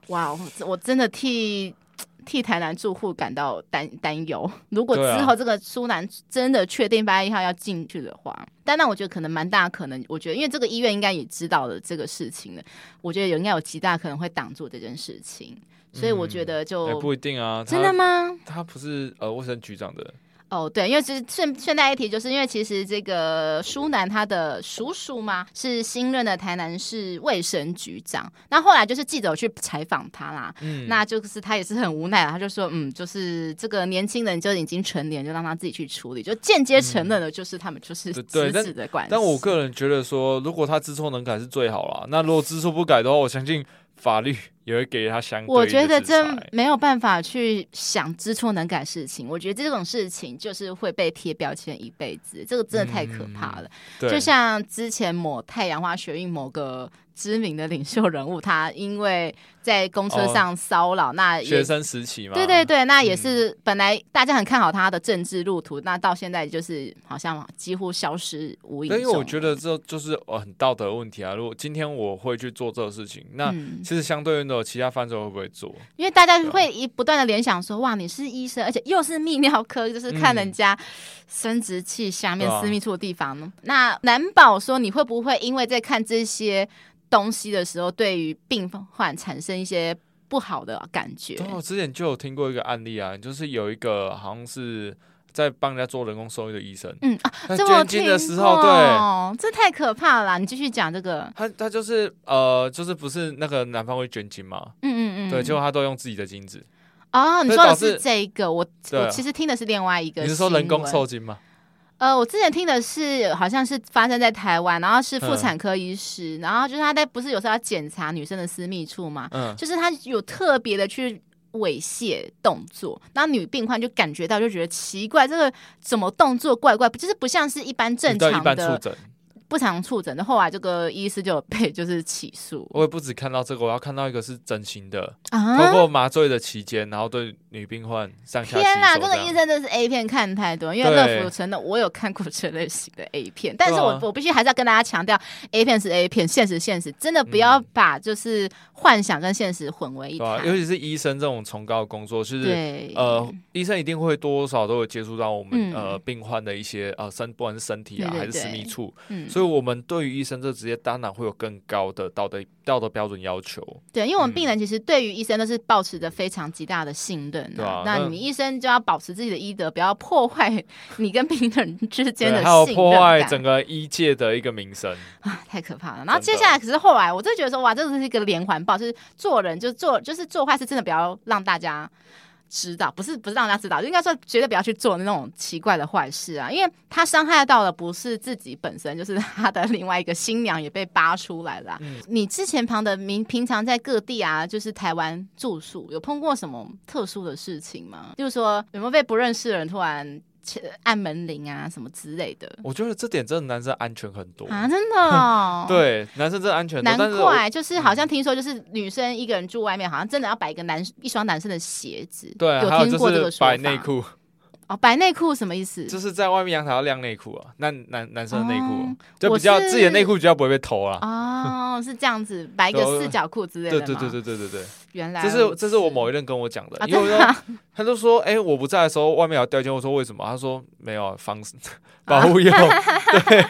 哇，我真的替。替台南住戶感到擔擔憂，如果之後這個蘇南真的確定八月一號要進去的話，啊、但那我覺得可能蠻大可能，我覺得因為這個醫院應該也知道了這個事情了，我覺得有應該有極大可能會擋住這件事情，嗯、所以我覺得就、欸、不一定啊，真的嗎？他不是呃衛生局長的。哦，oh, 對，因為就是順順帶一提，就是因為其實這個舒男他的叔叔嘛是新任的台南市衛生局長，那後來就是記者去採訪他啦，嗯、那就是他也是很無奈啦，他就說，嗯，就是這個年輕人就已經成年，就讓他自己去處理，就間接承認了，就是他們就是父子的、嗯、對對關係但。但我個人覺得說，如果他知錯能改是最好啦。那如果知錯不改的話，我相信法律。也會給他相對的，我覺得真沒有辦法去想知錯能改事情。我覺得這種事情就是會被貼標籤一輩子，這個真的太可怕了。嗯、對，就像之前某太陽花學運某個知名的領袖人物，他因為在公車上騷擾、哦、那也學生時期嘛，對對對，那也是本來大家很看好他的政治路途，嗯、那到現在就是好像幾乎消失無影。所以我覺得這就是很道德的問題啊。如果今天我會去做這個事情，那其實相對應的。有其他範疇會不會做？因為大家會一不斷的聯想說，啊、哇，你是醫生，而且又是泌尿科，就是看人家生殖器下面私密處的地方呢。啊、那難保說你會不會因為在看這些東西的時候，對於病患產生一些不好的感覺？哦、啊，之前就有聽過一個案例啊，就是有一個好像是。在幫人家做人工受孕的醫生，嗯啊，捐精的時候，對，這太可怕了。你繼續講這個。他他就是呃，就是不是那個男方會捐精嗎？嗯嗯嗯，對，結果他都用自己的精子。哦、啊，你說的是這一個，我、啊、我其實聽的是另外一個。你是說人工受精嗎？呃，我之前聽的是好像是發生在台灣，然後是婦產科醫師，嗯、然後就是他在不是有時候要檢查女生的私密處嘛，嗯，就是他有特別的去。猥褻動作，那女病患就感覺到，就覺得奇怪，這個怎麼動作怪怪，不就是不像是一般正常的。不常觸診，那後來這個醫師就有被就是起訴。我也不只看到這個，我要看到一個是整形的，啊、透過麻醉的期間，然後對女病患上下。上。天哪、啊！這個醫生真是 A 片看太多。因為樂芙城的我有看過這類型的 A 片，對但是我我必須還是要跟大家強調、啊、A 片是 A 片，現實現實、現實真的不要把就是幻想跟現實混為一談、啊。尤其是醫生這種崇高的工作，就是對呃，醫生一定會多少都有接觸到我們、嗯、呃病患的一些呃身不管是身體啊對對對還是私密處，嗯。所以我們對於醫生這職業，當然會有更高的道德道德標準要求。對，因為我們病人其實對於醫生都是抱持著非常極大的信任的。嗯啊、那，那你醫生就要保持自己的醫德，不要破壞你跟病人之間的信任感，還有破壞整個醫界的一個名聲、啊。太可怕了！然後接下來的可是後來，我就覺得說，哇，這是一個連環報，就是做人就做，就是做壞事，真的不要讓大家。知道，不是不是讓大家知道，應該說絕對不要去做那種奇怪的壞事啊，因為他傷害到的不是自己本身，就是他的另外一個新娘也被扒出來了、啊。嗯、你之前龐德民平常在各地啊，就是台灣住宿，有碰過什麼特殊的事情嗎？就是說有沒有被不認識的人突然？按門鈴啊，什麼之類的。我覺得這點真的男生安全很多啊，真的。對，男生真的安全。難怪，就是好像聽說，就是女生一個人住外面，好像真的要擺一個男一雙男生的鞋子。對，有聽過這個說法。擺內褲。哦，擺內褲什麼意思？就是在外面陽台要晾內褲啊，那男男生的內褲，就比較自己的內褲比較不會被偷啊。哦，是這樣子，擺一個四角褲之類的。對對對對對對。原來這是，這是我某一任跟我講的，啊、因為他，他就說，哎、欸，我不在的時候外面有吊一件，我說為什麼？他說沒有放，保護用，啊、對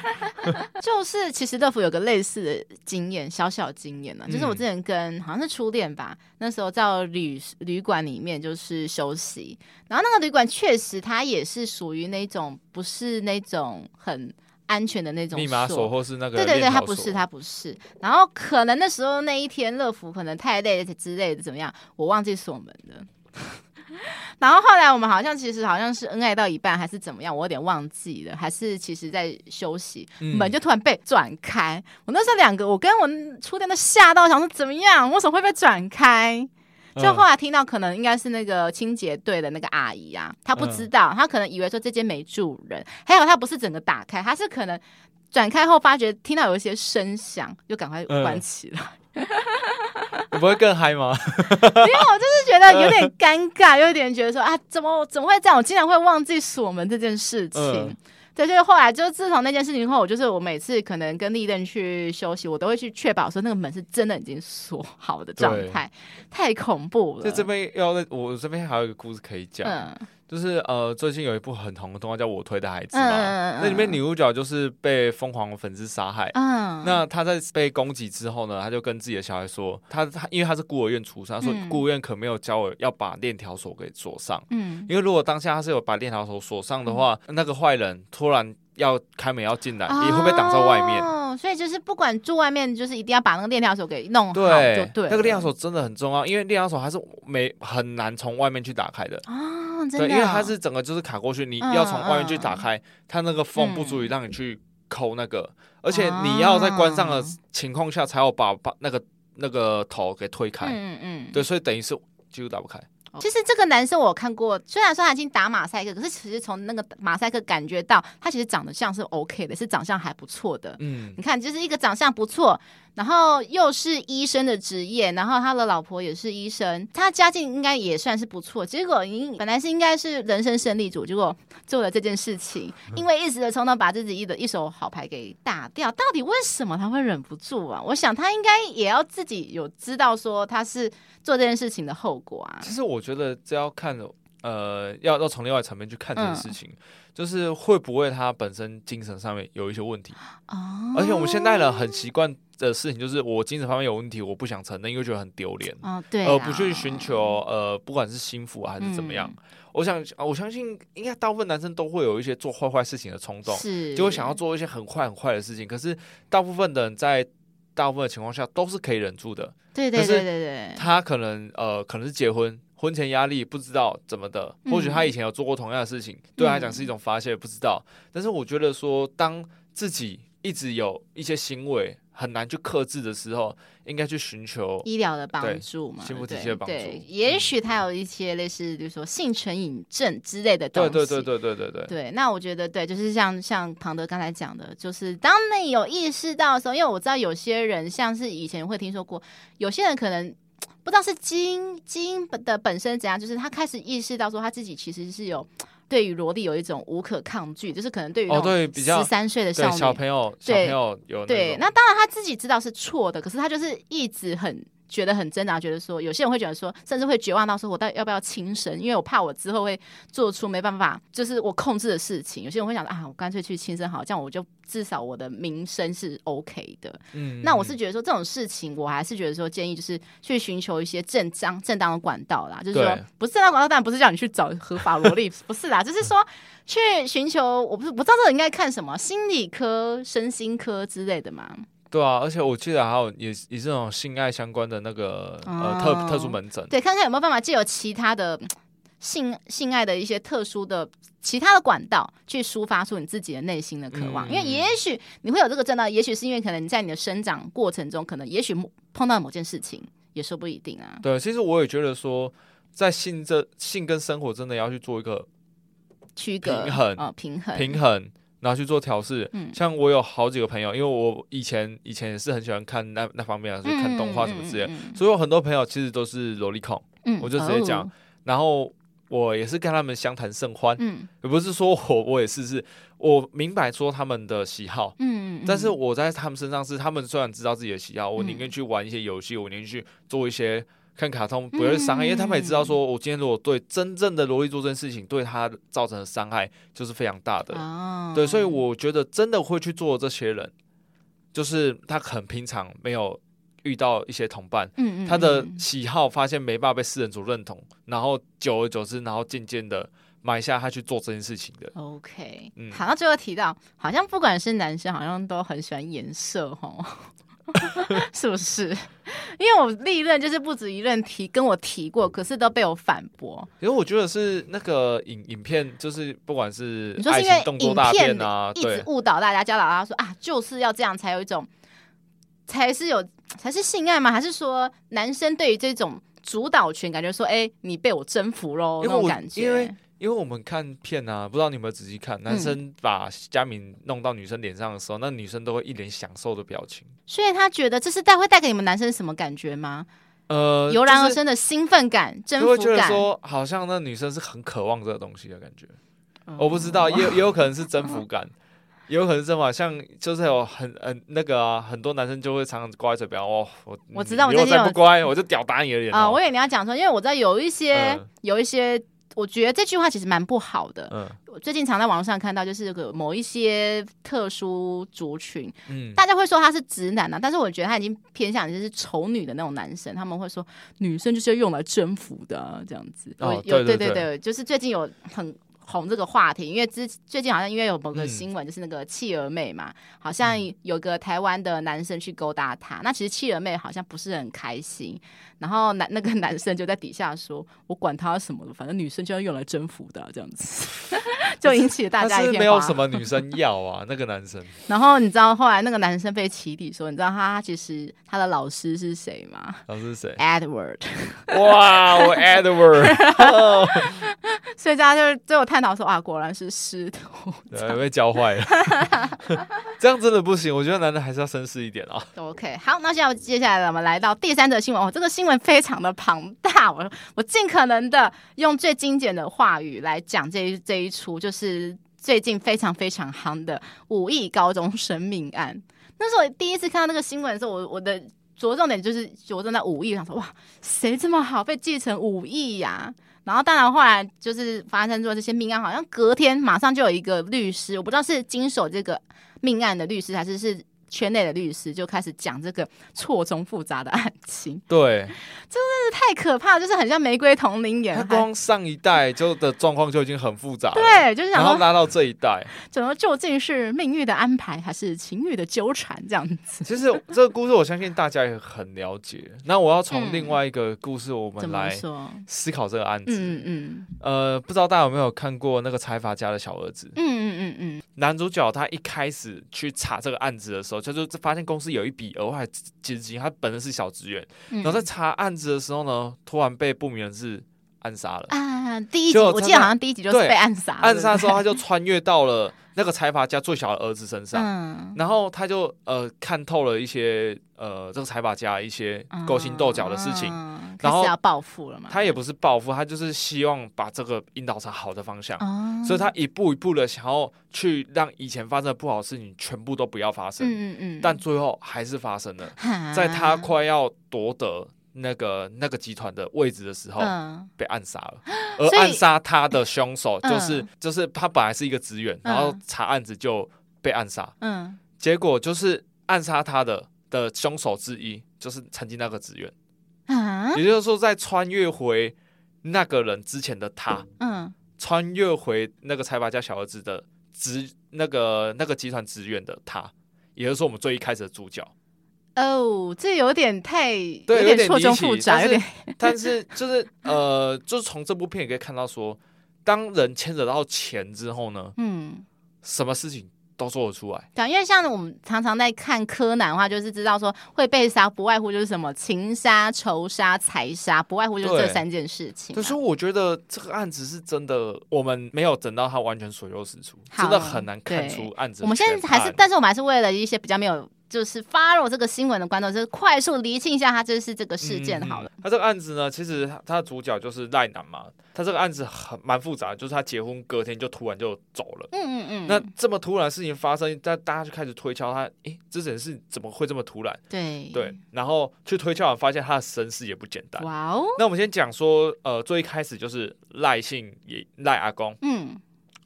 就是其實樂芙有個類似的經驗，小小經驗呢、啊，就是我之前跟好像是初戀吧，嗯、那時候在旅旅館裡面就是休息，然後那個旅館確實它也是屬於那種不是那種很。安全的那種密碼鎖，或是那個對對對，它不是，它不是。然後可能那時候那一天，樂芙可能太累之類的，怎麼樣？我忘記鎖門了。然後後來我們好像其實好像是恩愛到一半，還是怎麼樣？我有點忘記了。還是其實在休息，門就突然被轉開。我那時候兩個，我跟我初戀都嚇到，想說怎麼樣？為什麼會被轉開？就後來聽到，可能應該是那個清潔隊的那個阿姨啊。她不知道，她可能以為說這間沒住人，嗯、還好，她不是整個打開，她是可能轉開後發覺聽到有一些聲響，就趕快關起來。嗯、 我不會更嗨嗎？因為我就是覺得有點尷尬，嗯、有點覺得說啊，怎麼我怎麼會這樣？我竟然會忘記鎖門這件事情。嗯對，就是後來，就自從那件事情後，我就是我每次可能跟麗珍去休息，我都會去確保說那個門是真的已經鎖好的狀態，對太恐怖了。就這邊要我這邊還有一個故事可以講。嗯就是呃，最近有一部很紅的動畫叫《我推的孩子》嘛，uh, uh, uh, 那裡面女主角就是被瘋狂粉絲殺害。Uh, uh, 那她在被攻擊之後呢，她就跟自己的小孩說，她她因為她是孤兒院出身，她說，孤兒院可沒有教我要把鏈條鎖給鎖上。Um, 因為如果當下她是有把鏈條鎖鎖上的話，那個壞人突然要開門要進來，也會被擋在外面。Uh, uh, 所以就是不管住外面，就是一定要把那個鏈條鎖給弄好。對，對那個鏈條鎖真的很重要，因為鏈條鎖還是沒很難從外面去打開的、哦、的對，因為它是整個就是卡過去，你要從外面去打開，嗯、它那個縫不足以讓你去摳那個，嗯、而且你要在關上的情況下，才有把把那個那個頭給推開。嗯嗯對，所以等於是幾乎打不開。其實這個男生我有看過，雖然說他已經打馬賽克，可是其實從那個馬賽克感覺到他其實長得像是 OK 的，是長相還不錯的。嗯，你看，就是一個長相不錯。然後又是醫生的職業，然後他的老婆也是醫生，他家境應該也算是不錯。結果應本來是應該是人生勝利組，結果做了這件事情，因為一時的衝動把自己一的一手好牌給打掉。到底為什麼他會忍不住啊？我想他應該也要自己有知道說他是做這件事情的後果啊。其實我覺得這要看呃，要要從另外一層面去看這件事情，嗯、就是會不會他本身精神上面有一些問題啊？哦、而且我們現在呢，很習慣的事情就是我精神方面有問題，我不想承認，因為覺得很丟臉、oh，嗯、呃，對，而不去尋求呃，不管是幸福、啊、還是怎麼樣，嗯、我想我相信應該大部分男生都會有一些做壞壞事情的衝動，是，就會想要做一些很壞很壞的事情。可是大部分的人在大部分的情況下都是可以忍住的，對對對對對。可是他可能呃可能是結婚，婚前壓力不知道怎麼的，或許他以前有做過同樣的事情，嗯、對他來講是一種發洩，不知道。嗯、但是我覺得說，當自己一直有一些行為。很難去克制的時候，應該去尋求醫療的幫助嘛？對，對，嗯、也許他有一些類似，比、就、如、是、說性成癮症之類的東西。對，對，對，對，對，對，對，對，對。那我覺得，對，就是像像龐德剛才講的，就是當你有意識到的時候，因為我知道有些人，像是以前會聽說過，有些人可能不知道是基因基因的本身怎樣，就是他開始意識到說他自己其實是有。對於蘿莉有一種無可抗拒，就是可能對於那種13歲的少女哦，對，比較十三歲的小朋友，小朋友對，那當然他自己知道是錯的，可是他就是一直很。覺得很掙扎，覺得說，有些人會覺得說，甚至會絕望到說，我到底要不要輕生？因為我怕我之後會做出沒辦法，就是我控制的事情。有些人會想啊，我乾脆去輕生好，這樣我就至少我的名聲是 OK 的。嗯，那我是覺得說這種事情，我還是覺得說建議就是去尋求一些正當正當的管道啦，對就是說，不是正當管道但不是叫你去找合法蘿莉， 不是啦，就是說去尋求，我不是不知道這個應該看什麼，心理科、身心科之類的嘛。對啊，而且我記得還有也也是那種性愛相關的那個、哦、呃特特殊門診。對，看看有沒有辦法借由其他的性性愛的一些特殊的其他的管道，去抒發出你自己的內心的渴望。嗯嗯。因為也許你會有這個症狀，也許是因為可能你在你的生長過程中，可能也許碰到某件事情，也說不一定啊。對，其實我也覺得說，在性這性跟生活真的要去做一個區隔，平衡平衡平衡。然後去做調試，像我有好幾個朋友，因為我以前以前也是很喜歡看那那方面的，就看動畫什麼之類的，嗯嗯嗯嗯、所以我很多朋友其實都是蘿莉控，我就直接講，哦、然後我也是跟他們相談甚歡，嗯、也不是說我我也是，是我明白說他們的喜好，嗯嗯、但是我在他們身上是，他們雖然知道自己的喜好，我寧願去玩一些遊戲，我寧願去做一些。看卡通不會傷害，嗯、因為他們也知道說，我今天如果對真正的蘿莉做這件事情，對他造成的傷害就是非常大的。哦、對，所以我覺得真的會去做這些人，就是他很平常沒有遇到一些同伴，嗯、他的喜好發現沒辦法被世人所認同，嗯、然後久而久之，然後漸漸的埋下他去做這件事情的。OK，、嗯、好像最後提到，好像不管是男生，好像都很喜歡顏射，吼。 是不是？因為我歷任，就是不止一任提、跟我提過，可是都被我反駁。因為我覺得是那個影、影片，就是不管是愛情動作大片啊，你說因為影片一直誤導大家對教導大家說啊，就是要這樣才有一種，才是有才是性愛嗎？還是說男生對於這種主導權感覺說，哎、欸，你被我征服嘍那種感覺？因為我們看片啊，不知道你們有沒有仔細看，嗯、男生把嘉敏弄到女生臉上的時候，那女生都會一臉享受的表情。所以他覺得這是帶會帶給你們男生什麼感覺嗎？呃，油、就、然、是、而生的興奮感、征服感，會覺得說好像那女生是很渴望這個東西的感覺。嗯、我不知道，也有也有可能是征服感，嗯、也有可能是這麼。像就是有很很、呃、那個、啊、很多男生就會常常掛在嘴邊。哦，我你我知道我在，你再不乖，我就屌打你的臉啊。我以為你要講說，因為我知道有一些有一些。呃我覺得這句話其實蠻不好的。嗯、我最近常在網上看到，就是某一些特殊族群，嗯、大家會說他是直男吶、啊，但是我覺得他已經偏向就是仇女的那種男生，他們會說女生就是要用來征服的、啊、這樣子。哦，對對對，就是最近有很紅這個話題，因為之最近好像因為有某個新聞，嗯、就是那個棄兒妹嘛，好像有個台灣的男生去勾搭她，嗯、那其實棄兒妹好像不是很開心。然後男那個男生就在底下說：“我管他什麼的，反正女生就要用來征服的、啊，這樣子。”就引起大家一片。是是沒有什麼女生要啊，那個男生。 然後你知道後來那個男生被起底說，你知道他，他其實他的老師是誰嗎？老師是誰？Edward。哇，我 Edward。所以大家就是最後探討說：“啊，果然是師徒。”對、啊，被教壞了。 這樣真的不行，我覺得男的還是要紳士一點啊。OK，好，那現在接下來我們來到第三則新聞哦，這個新。因為非常的龐大，我說我盡可能的用最精簡的話語來講這一這一齣，就是最近非常非常夯的五億高中生命案。那時候我第一次看到那個新聞的時候，我我的着重點就是，着重在五億上說，哇，誰這麼好被繼承五億呀？然後當然後來就是發生做這些命案，好像隔天馬上就有一個律師，我不知道是經手這個命案的律師還是是。圈內的律師就開始講這個錯綜複雜的案情，對，這 真的是太可怕，就是很像玫瑰瞳鈴眼。他光上一代就的狀況就已經很複雜了， 對，就是想然後拉到這一代，整個究竟是命運的安排還是情欲的糾纏這樣子？其實這個故事我相信大家也很了解。 那我要從另外一個故事我們來思考這個案子。嗯嗯，嗯嗯、呃，不知道大家有沒有看過那個財閥家的小兒子？嗯嗯嗯嗯，嗯嗯男主角他一開始去查這個案子的時候。他就發現公司有一筆額外資金，他本身是小職員，嗯、然後在查案子的時候呢，突然被不明人士。暗殺了啊！第一集就我記得好像第一集就是被暗殺了。對暗殺的時候，他就穿越到了那個財閥家最小的兒子身上，嗯、然後他就呃看透了一些呃這個財閥家一些勾心鬥角的事情，然後、嗯嗯、要報復了嘛？他也不是報復，他就是希望把這個引導成好的方向，嗯、所以他一步一步的想要去讓以前發生的不好的事情全部都不要發生，嗯、嗯、嗯但最後還是發生了，啊、在他快要奪得。那個那個集團的位置的時候被暗殺了，嗯、而暗殺他的兇手就是、嗯、就是他本來是一個職員，嗯、然後查案子就被暗殺，嗯、結果就是暗殺他的的兇手之一就是曾經那個職員，啊、也就是說在穿越回那個人之前的他，嗯、穿越回那個財閥家小兒子的職那個那個集團職員的他，也就是說我們最一開始的主角。哦，oh, 這有點太，有點錯綜複雜，有點但。但是就是 呃，就是從這部片也可以看到說，當人牽扯到錢之後呢，嗯，什麼事情都做得出來。對，因為像我們常常在看柯南的話，就是知道說會被殺，不外乎就是什麼情殺、仇殺、財殺，不外乎就是這三件事情、啊。可是我覺得這個案子是真的，我們沒有等到他完全水落石出，好真的很難看出案子。我們現在還是，但是我們還是為了一些比較沒有。就是 follow 這個新聞的觀眾，就是快速理清一下，他就是這個事件好了、嗯嗯。他這個案子呢，其實他的主角就是賴男嘛。他這個案子很蠻複雜，就是他結婚隔天就突然就走了。嗯嗯嗯。嗯那這麼突然的事情發生，大大家就開始推敲他，誒、欸，這件事怎麼會這麼突然？對對。然後去推敲完，發現他的身世也不簡單。哇哦。那我們先講說，呃，最一開始就是賴姓也賴阿公，嗯，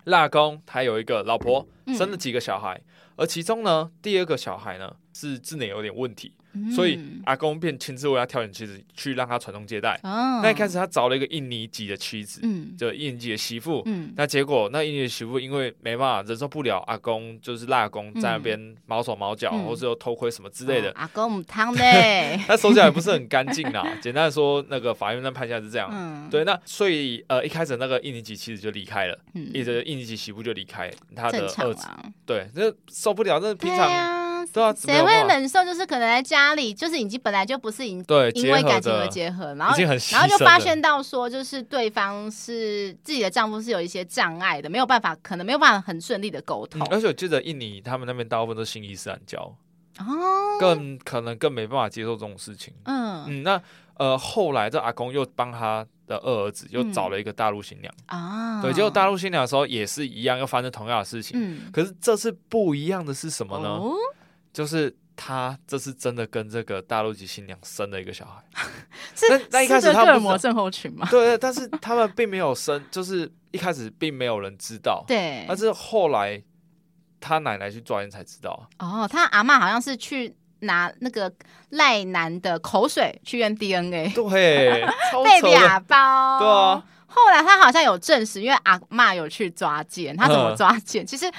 賴阿公他有一個老婆，生了幾個小孩。嗯嗯而其中呢，第二個小孩呢，是智能有點問題。所以阿公便親自為他挑選妻子，去讓他傳宗接代。那一開始他找了一個印尼籍的妻子，就印尼籍的媳婦。那結果那印尼媳婦因為沒辦法忍受不了阿公，就是讓阿公在那邊毛手毛腳，或是又偷窺什麼之類的。阿公唔湯呢，他手腳也不是很乾淨啊。簡單說，那個法院那判下是這樣。對，那所以呃一開始那個印尼籍妻子就離開了，一直印尼籍媳婦就離開他的兒子。對，那受不了，那平常。對啊，誰會忍受？就是可能在家裡，對就是已經本來就不是已經因為感情而結合，結合然後已經很然後就發現到說，就是對方是自己的丈夫是有一些障礙的，沒有辦法，可能沒有辦法很順利的溝通，嗯。而且我記得印尼他們那邊大部分都信伊斯蘭教哦，更可能更沒辦法接受這種事情。嗯嗯，那呃後來這阿公又幫他的二兒子又找了一個大陸新娘啊，嗯、對，結果大陸新娘的時候也是一樣，又發生同樣的事情。嗯、可是這次不一樣的是什麼呢？哦就是他，這是真的跟這個大陸籍新娘生了一個小孩，是 一開始他們斯德哥爾摩症候群嗎？對，對對，但是他們並沒有生， 就是一開始並沒有人知道，對。但是後來他奶奶去抓人才知道。哦，他阿媽好像是去拿那個賴男的口水去驗 DNA，對、欸，被利了、啊、包， 對啊。後來他好像有證實，因為阿媽有去抓奸，他怎麼抓奸？呵其實。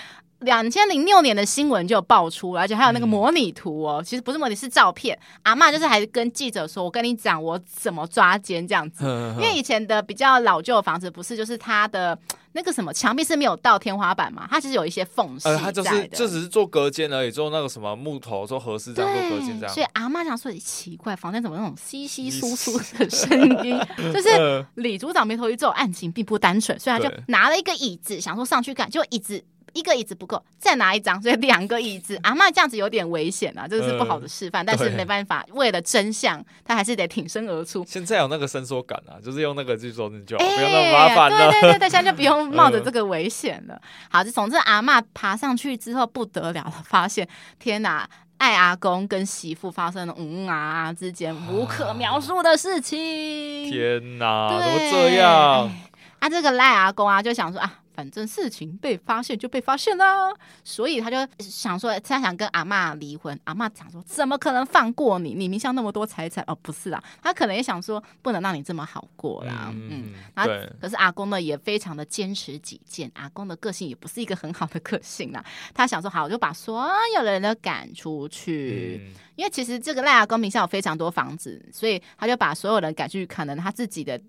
兩千零六年的新聞就有爆出了，而且還有那個模擬圖哦。嗯、其實不是模擬，是照片。阿嬤就是還是跟記者說：“我跟你講，我怎麼抓奸這樣子。呵呵”因為以前的比較老舊的房子，不是就是它的那個什麼牆壁是沒有到天花板嘛？它其實有一些縫隙的。他、呃、就是這只是做隔間而已，做那個什麼木頭做合適這樣做隔間這樣。對這樣所以阿嬤想說也奇怪，房間怎麼那種稀稀疏疏的聲音？你是 就是李組長眉頭一皺，案情並不單純，所以他就拿了一個椅子，對想說上去幹，就椅子。一個椅子不夠，再拿一張，所以兩個椅子。阿嬤這樣子有點危險啊，這個是不好的示範，呃、但是沒辦法，對為了真相，他還是得挺身而出。現在有那個伸縮桿啊，就是用那個去做，你就好、欸、不用那麼麻煩了。對對對，現在就不用冒着這個危險了。呃、好，就從這阿嬤爬上去之後，不得了，了，發現天哪，賴阿公跟媳婦發生了嗯啊之間無可描述的事情。啊、天哪，對怎麼這樣？啊，這個賴阿公啊，就想說啊。反正事情被發現就被發現了，所以他就想說，他想跟阿嬤離婚。阿嬤想說，怎麼可能放過你？你名下那麼多財產哦，不是啊，他可能也想說，不能讓你這麼好過啦。嗯，嗯對。可是阿公呢，也非常的堅持己見。阿公的個性也不是一個很好的個性啦，他想說，好，我就把所有的人都趕出去。嗯、因為其實這個賴阿公名下有非常多房子，所以他就把所有人趕出去，可能他自己的。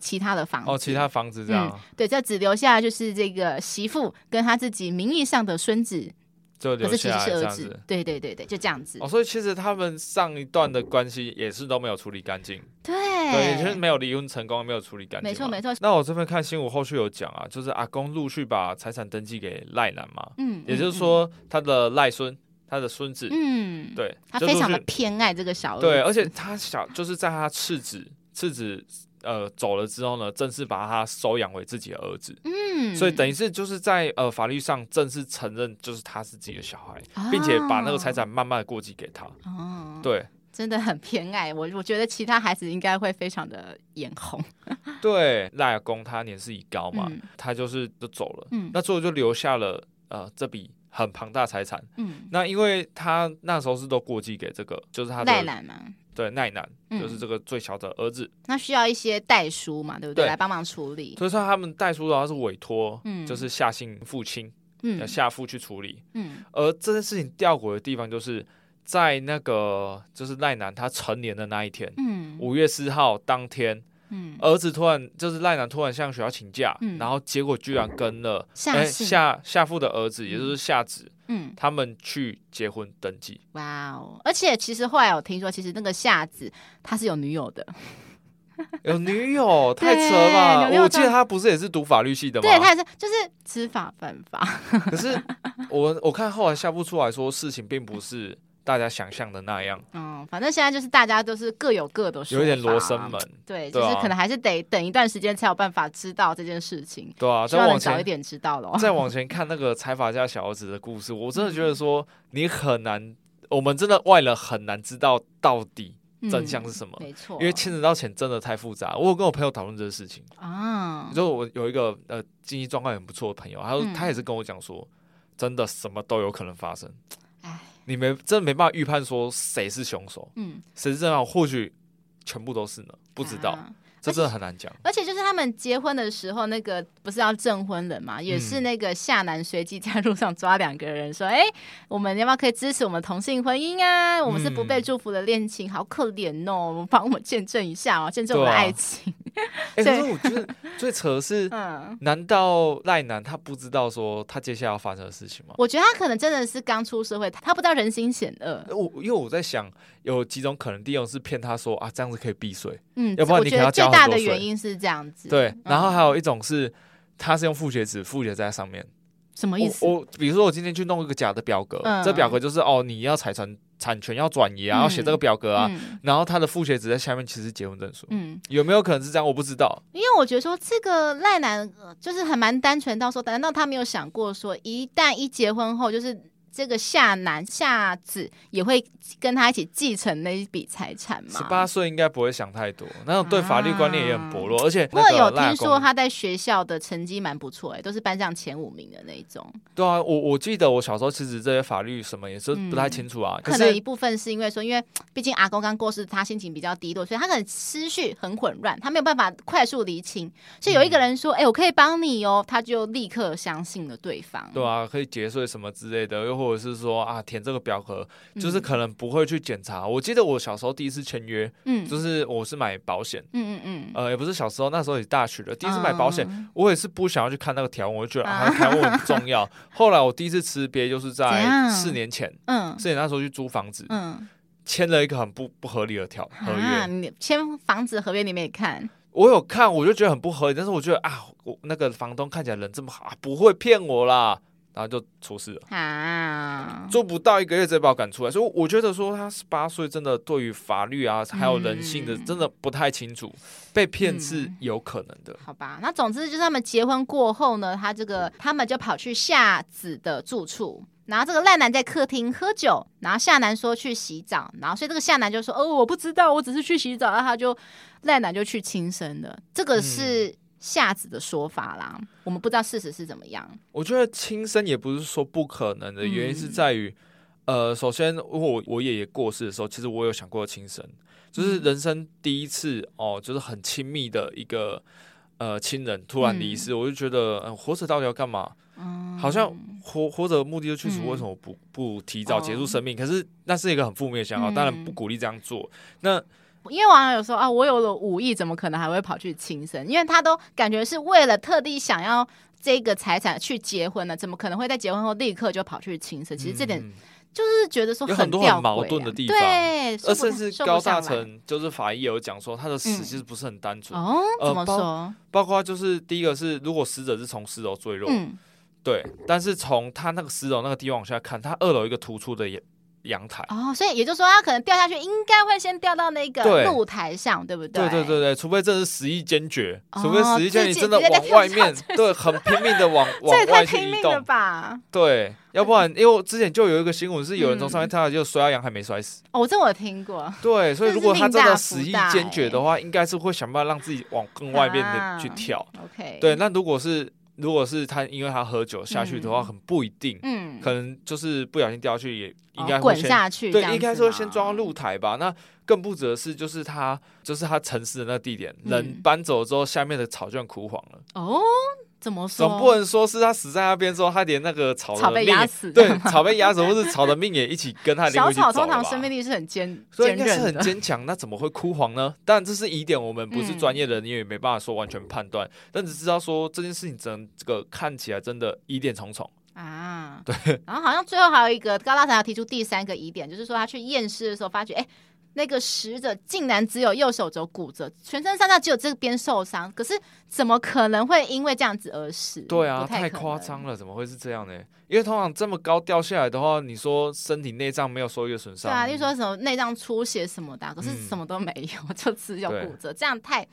其他的房子哦，其他房子這樣，對，就只留下就是這個媳婦跟他自己名義上的孫子，就可是其實是兒子，對對對對，就這樣子。哦，所以其實他們上一段的關係也是都沒有處理乾淨，對，也就是沒有離婚成功，沒有處理乾淨，沒錯沒錯。那我這邊看新聞後續有講啊，就是阿公陸續把財產登記給賴男嘛，嗯，也就是說他的賴孫，他的孫子，嗯，對，他非常的偏愛這個小，對，而且他小就是在他次子，次子。呃，走了之後呢，正式把他收養為自己的兒子。嗯，所以等於是就是在呃法律上正式承認，就是他是自己的小孩，哦、並且把那個財產慢慢的過繼給他。哦，對，真的很偏愛我，我覺得其他孩子應該會非常的眼紅。對，賴阿公他年事已高嘛，嗯、他就是就走了。嗯，那最後就留下了呃這筆很龐大財產。嗯，那因為他那時候是都過繼給這個，就是他的賴男嘛。對，奈南就是這個最小的兒子，嗯，那需要一些代書嘛，對不對？對來幫忙處理。所以說他們代書的話，他是委托，就是夏姓父親叫夏父去處理，嗯嗯，而這件事情吊詭的地方就是在那個就是奈南他成年的那一天，五、嗯、月四號當天，嗯、兒子突然就是奈南突然向學校請假，嗯、然後結果居然跟了夏夏夏父的兒子，嗯、也就是夏子，嗯，他們去結婚登記。哇哦！而且其實後來我聽說，其實那個夏子他是有女友的， 有女友太扯了吧？對我記得他不是也是讀法律系的嗎？對，他也是就是知法犯法。 可是我我看後來下不出來，說事情並不是，大家想象的那樣，嗯，反正現在就是大家都是各有各的說法，有一點羅生門。對，對啊、就是可能還是得等一段時間才有辦法知道這件事情。對啊，再往前一點知道了。再往, 再往前看那個財閥家小兒子的故事，我真的覺得說、嗯、你很難，我們真的外人很難知道到底真相是什麼。嗯、沒錯，因為牽扯到錢真的太複雜。我有跟我朋友討論這件事情啊，就我有一個呃經濟狀況很不錯的朋友，他說、嗯、他也是跟我講說，真的什麼都有可能發生。哎。你沒，真的沒辦法預判說誰是兇手，嗯，誰是這樣，或許全部都是呢，不知道。啊這真的很難講。而且就是他們結婚的時候，那個不是要證婚人嘛，也是那個夏男隨即在路上抓兩個人說：“哎、嗯欸，我們要不要可以支持我們同性婚姻啊？嗯、我們是不被祝福的戀情，好可憐哦，我們幫我們見證一下哦，見證我們的愛情。啊”所、欸、以對我覺得最扯的是，難道賴男他不知道說他接下來要發生的事情嗎？我覺得他可能真的是剛出社會，他不知道人心險惡。我因為我在想，有幾種可能，第一種是騙他說啊，這樣子可以避稅。嗯，要不然你給他交。大的原因是這樣子，對，嗯、然後還有一種是，他是用複寫紙、複寫在上面，什麼意思？我,我比如說，我今天去弄一個假的表格，嗯、這表格就是哦，你要產權，產權要轉移，啊，嗯、要寫這個表格啊，嗯、然後他的複寫紙在下面，其實是結婚證書，嗯，有沒有可能是這樣？我不知道，因為我覺得說這個賴男就是很蠻單純，到說難道他沒有想過說，一旦一結婚後就是。這個夏男夏子也會跟他一起繼承那一筆財產嘛？十八歲應該不會想太多，那對法律觀念也很薄弱。啊、而且我、那個、有聽說他在學校的成績蠻不錯、欸，哎，都是班上前五名的那種。對啊，我我記得我小時候其實這些法律什麼也是不太清楚啊。嗯、可，是可能一部分是因為說，因為畢竟阿公剛過世，他心情比較低落，所以他可能思緒很混亂，他沒有辦法快速釐清。所以有一個人說：“哎、嗯欸，我可以幫你哦。”他就立刻相信了對方。對啊，可以節稅什麼之類的又。或者是說啊，填這個表格、嗯、就是可能不會去檢查。我記得我小時候第一次簽約，嗯，就是我是買保險、嗯，嗯嗯嗯，呃，也不是小時候，那時候也大學了，第一次買保險，嗯、我也是不想要去看那個條文，我就覺得啊，條、啊、文很重要。啊、後來我第一次吃癟就是在四年前，嗯，所以那時候去租房子，嗯，簽了一個很不不合理的條合約，簽、啊、房子合約你沒看？我有看，我就覺得很不合理，但是我覺得啊，我那個房東看起來人這麼好，啊、不會騙我啦。然後就出事了啊！做好不到一個月，直接把我趕出來，所以我覺得說他十八歲真的對於法律啊、嗯、還有人性的真的不太清楚，被騙是有可能的。嗯、好吧，那總之就是他們結婚過後呢，他這個、嗯、他們就跑去夏子的住處，然後這個賴男在客廳喝酒，然後夏男說去洗澡，然後所以這個夏男就說：“哦，我不知道，我只是去洗澡。”然後他就賴男就去親生的，這個是。嗯下子的說法啦，我們不知道事實是怎麼樣。我覺得輕生也不是說不可能的原因是在於，嗯、呃，首先我我爺爺過世的時候，其實我有想過輕生，就是人生第一次哦，就是很親密的一個呃親人突然離世，嗯、我就覺得嗯、呃，活着到底要幹嘛？嗯、好像活活着目的就確實為什麼不不提早結束生命？嗯、可是那是一個很負面的想法，嗯、當然不鼓勵這樣做。那。因為網友說啊，我有了五億，怎麼可能還會跑去輕生？因為他都感覺是為了特地想要這個財產去結婚了。怎麼可能會在結婚後立刻就跑去輕生？其實這點就是覺得說很，啊、很多很矛盾的地方。對，而且是高大成，就是法醫有講說他的死其實不是很單純、嗯、哦。怎麼說、呃包、包括就是第一個是，如果死者是從十樓墜落，嗯、對。但是從他那個十樓那個地方往下看，他二樓一個突出的也陽台哦，所以也就是說，他可能掉下去，應該會先掉到那個露台上，對不對？對對對對，除非這是死意堅決，除非死意堅決你真的往外面，對，很拼命的往往外面移動吧？對，要不然，因為我之前就有一個新聞是有人從上面跳，就摔到陽台沒摔死。哦，這我聽過。對，所以如果他真的死意堅決的話，應該是會想辦法讓自己往更外面的去跳。OK，對，那如果是。如果是他，因為他喝酒下去的話，嗯、很不一定，嗯、可能就是不小心掉下去，也應該滾、哦、下去，對，樣應該說先撞到露台吧。那更不值的是，就是他，就是他沉屍的那個地點，嗯、人搬走之後，下面的草就枯黃了。哦。怎麼說，總不能說是他死在那邊之後，他連那個草草被壓死，對，草被壓死，或 是草的命也一起跟他的一起一起，小草通常生命力是很堅，應該是很堅強，堅。那怎麼會枯黃呢？當然這是疑點，我們不是專業的人，也、嗯、也沒辦法說完全判斷，但只知道說這件事情真這個看起來真的疑點重重啊。對，然後好像最後還有一個高大成提出第三個疑點，就是說他去驗屍的時候發覺，哎、欸。那個死者竟然只有右手肘骨折，全身上下只有這邊受傷，可是怎麼可能會因為這樣子而死？對啊，太誇張了，怎麼會是這樣呢？因為通常這麼高掉下來的話，你說身體內臟沒有受一個損傷？對啊，你說什麼內臟出血什麼的，嗯、可是什麼都沒有，就只有骨折，對這樣太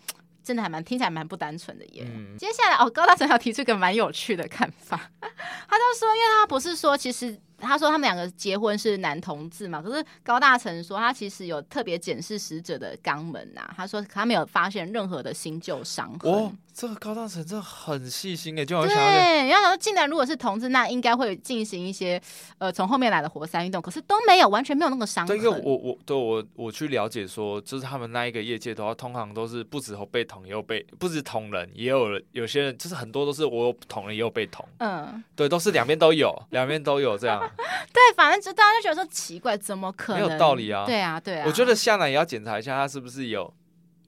真的還蠻聽起來蠻不單純的耶。嗯、接下來哦，高大成還要提出一個蠻有趣的看法，他就說，因為他不是說其實。他說他們兩個結婚是男同志嘛？可是高大成說他其實有特別檢視死者的肛門吶、啊。他說他沒有發現任何的新舊傷痕。哦，這個高大成真的很細心誒、欸，就好像想要。想對，然後說，既然如果是同志，那應該會進行一些呃從後面來的活塞運動，可是都沒有，完全沒有那個傷痕。對。因為我我對我我去了解說，就是他們那一個業界，的話，通常都是不止被捅，也有被不止捅人，也有有些人就是很多都是我有捅人也有被捅，嗯，對，都是兩邊都有，兩邊 都有這樣。對，反正就大家就覺得說奇怪，怎麼可能？沒有道理啊！對啊，對啊。我覺得夏楠也要檢查一下，她是不是有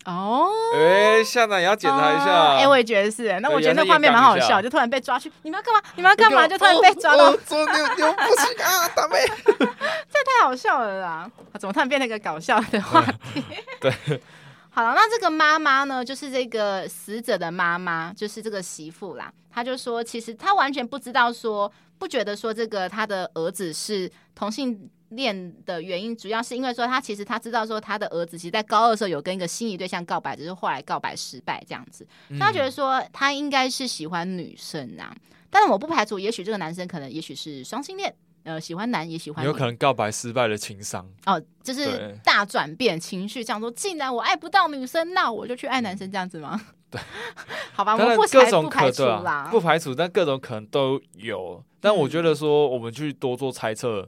哦？哎、oh，夏楠也要檢查一下。哎、oh，我也覺得是。那我覺得那畫面蠻好笑，對就突然被抓去，你們要幹嘛？你們要幹嘛？有就突然被抓到，怎你們、啊、 這太好笑了啦！啊、怎麼突然變成一個搞笑的話題？ 對。好了，那這個媽媽呢？就是這個死者的媽媽，就是這個媳婦啦。她就說，其實她完全不知道說。不覺得說這個他的兒子是同性戀的原因，主要是因為說，他其實他知道說他的兒子其實，在高二的時候有跟一個心儀對象告白，只、就是後來告白失敗這樣子。嗯、他覺得說他應該是喜歡女生啊，但是我不排除，也許這個男生可能也許是雙性戀，呃，喜歡男也喜歡女。有可能告白失敗的情傷哦，就是大轉變情緒，這樣說，既然我愛不到女生，那我就去愛男生這樣子嗎？嗯、對。 好吧，我們不，不排除啦、啊，不排除，但各種可能都有。但我覺得說我們去多做猜測，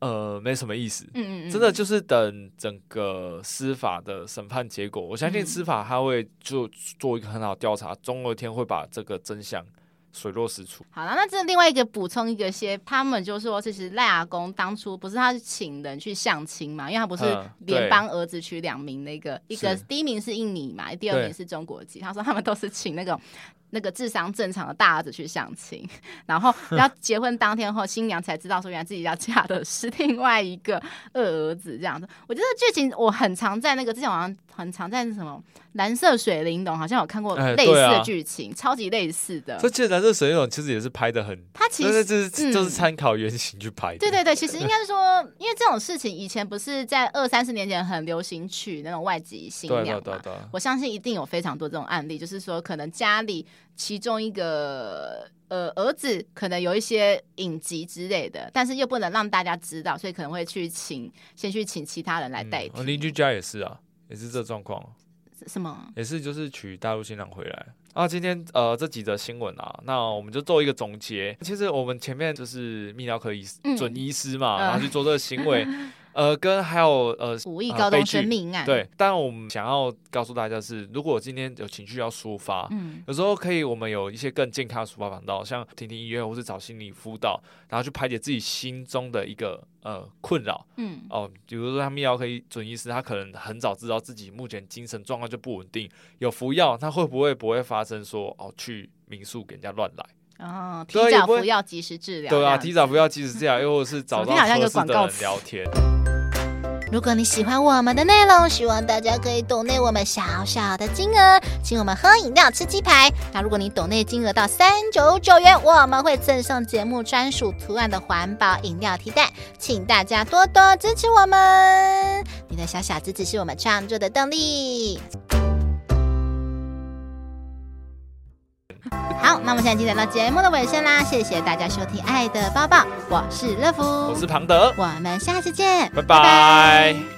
嗯、呃，沒什麼意思。嗯嗯，真的就是等整個司法的審判結果，我相信司法他會就做一個很好的調查，終有一天會把這個真相水落石出。好啦，那這另外一個補充一個些，他們就說其實賴阿公當初不是他請人去相親嘛，因為他不是連幫兒子娶兩名那個、嗯、一個第一名是印尼嘛，第二名是中國籍，對他說他們都是請那種。那個智商正常的大兒子去相親，然後然後結婚當天後，新娘才知道說原來自己要嫁的是另外一個二兒子這樣子。我覺得劇情我很常在那個之前好像很常在那什麼《藍色水玲瓏》好像有看過類似的劇情，哎啊，超級類似的。這《藍色水玲瓏》其實也是拍的很，它其實就是就是參、嗯、考原型去拍的。對對對，其實應該說，因為這種事情以前不是在二三十年前很流行娶那種外籍新娘嘛？對對對對，我相信一定有非常多這種案例，就是說可能家裡。其中一個呃兒子可能有一些隱疾之類的，但是又不能讓大家知道，所以可能會去請，先去請其他人來代替。鄰、嗯哦、居家也是啊，也是這狀況。什麼？也是就是娶大陸新郎回來啊。今天呃這幾則新聞啊，那我們就做一個總結。其實我們前面就是泌尿科醫師、嗯、準醫師嘛，然後去做這個行為。嗯 呃，跟還有呃，五億高中、呃、生命案，對，但我們想要告訴大家的是，如果今天有情緒要抒發，嗯，有時候可以，我們有一些更健康的抒發管道，像聽聽音樂，或是找心理輔導，然後去排解自己心中的一個呃困擾，嗯，哦、呃，比如說他們要可以，準醫師他可能很早知道自己目前精神狀況就不穩定，有服藥，他會不會不會發生說哦去民宿給人家亂來？哦，提早服藥及時治療。對啊呵，提早服藥及時治療，又或是找到負責人聊天。如果你喜歡我們的內容，希望大家可以 donate 我們小小的金額，請我們喝飲料、吃雞排。那如果你 donate 金額到三九九元，我們會贈送節目專屬圖案的環保飲料提袋。請大家多多支持我們。你的小小支只，只是我們創作的動力。 好，那我們現在已經來到節目的尾聲啦，謝謝大家收聽《愛的爆爆》，我是樂芙，我是龐德，我們下次見，拜拜 bye。Bye bye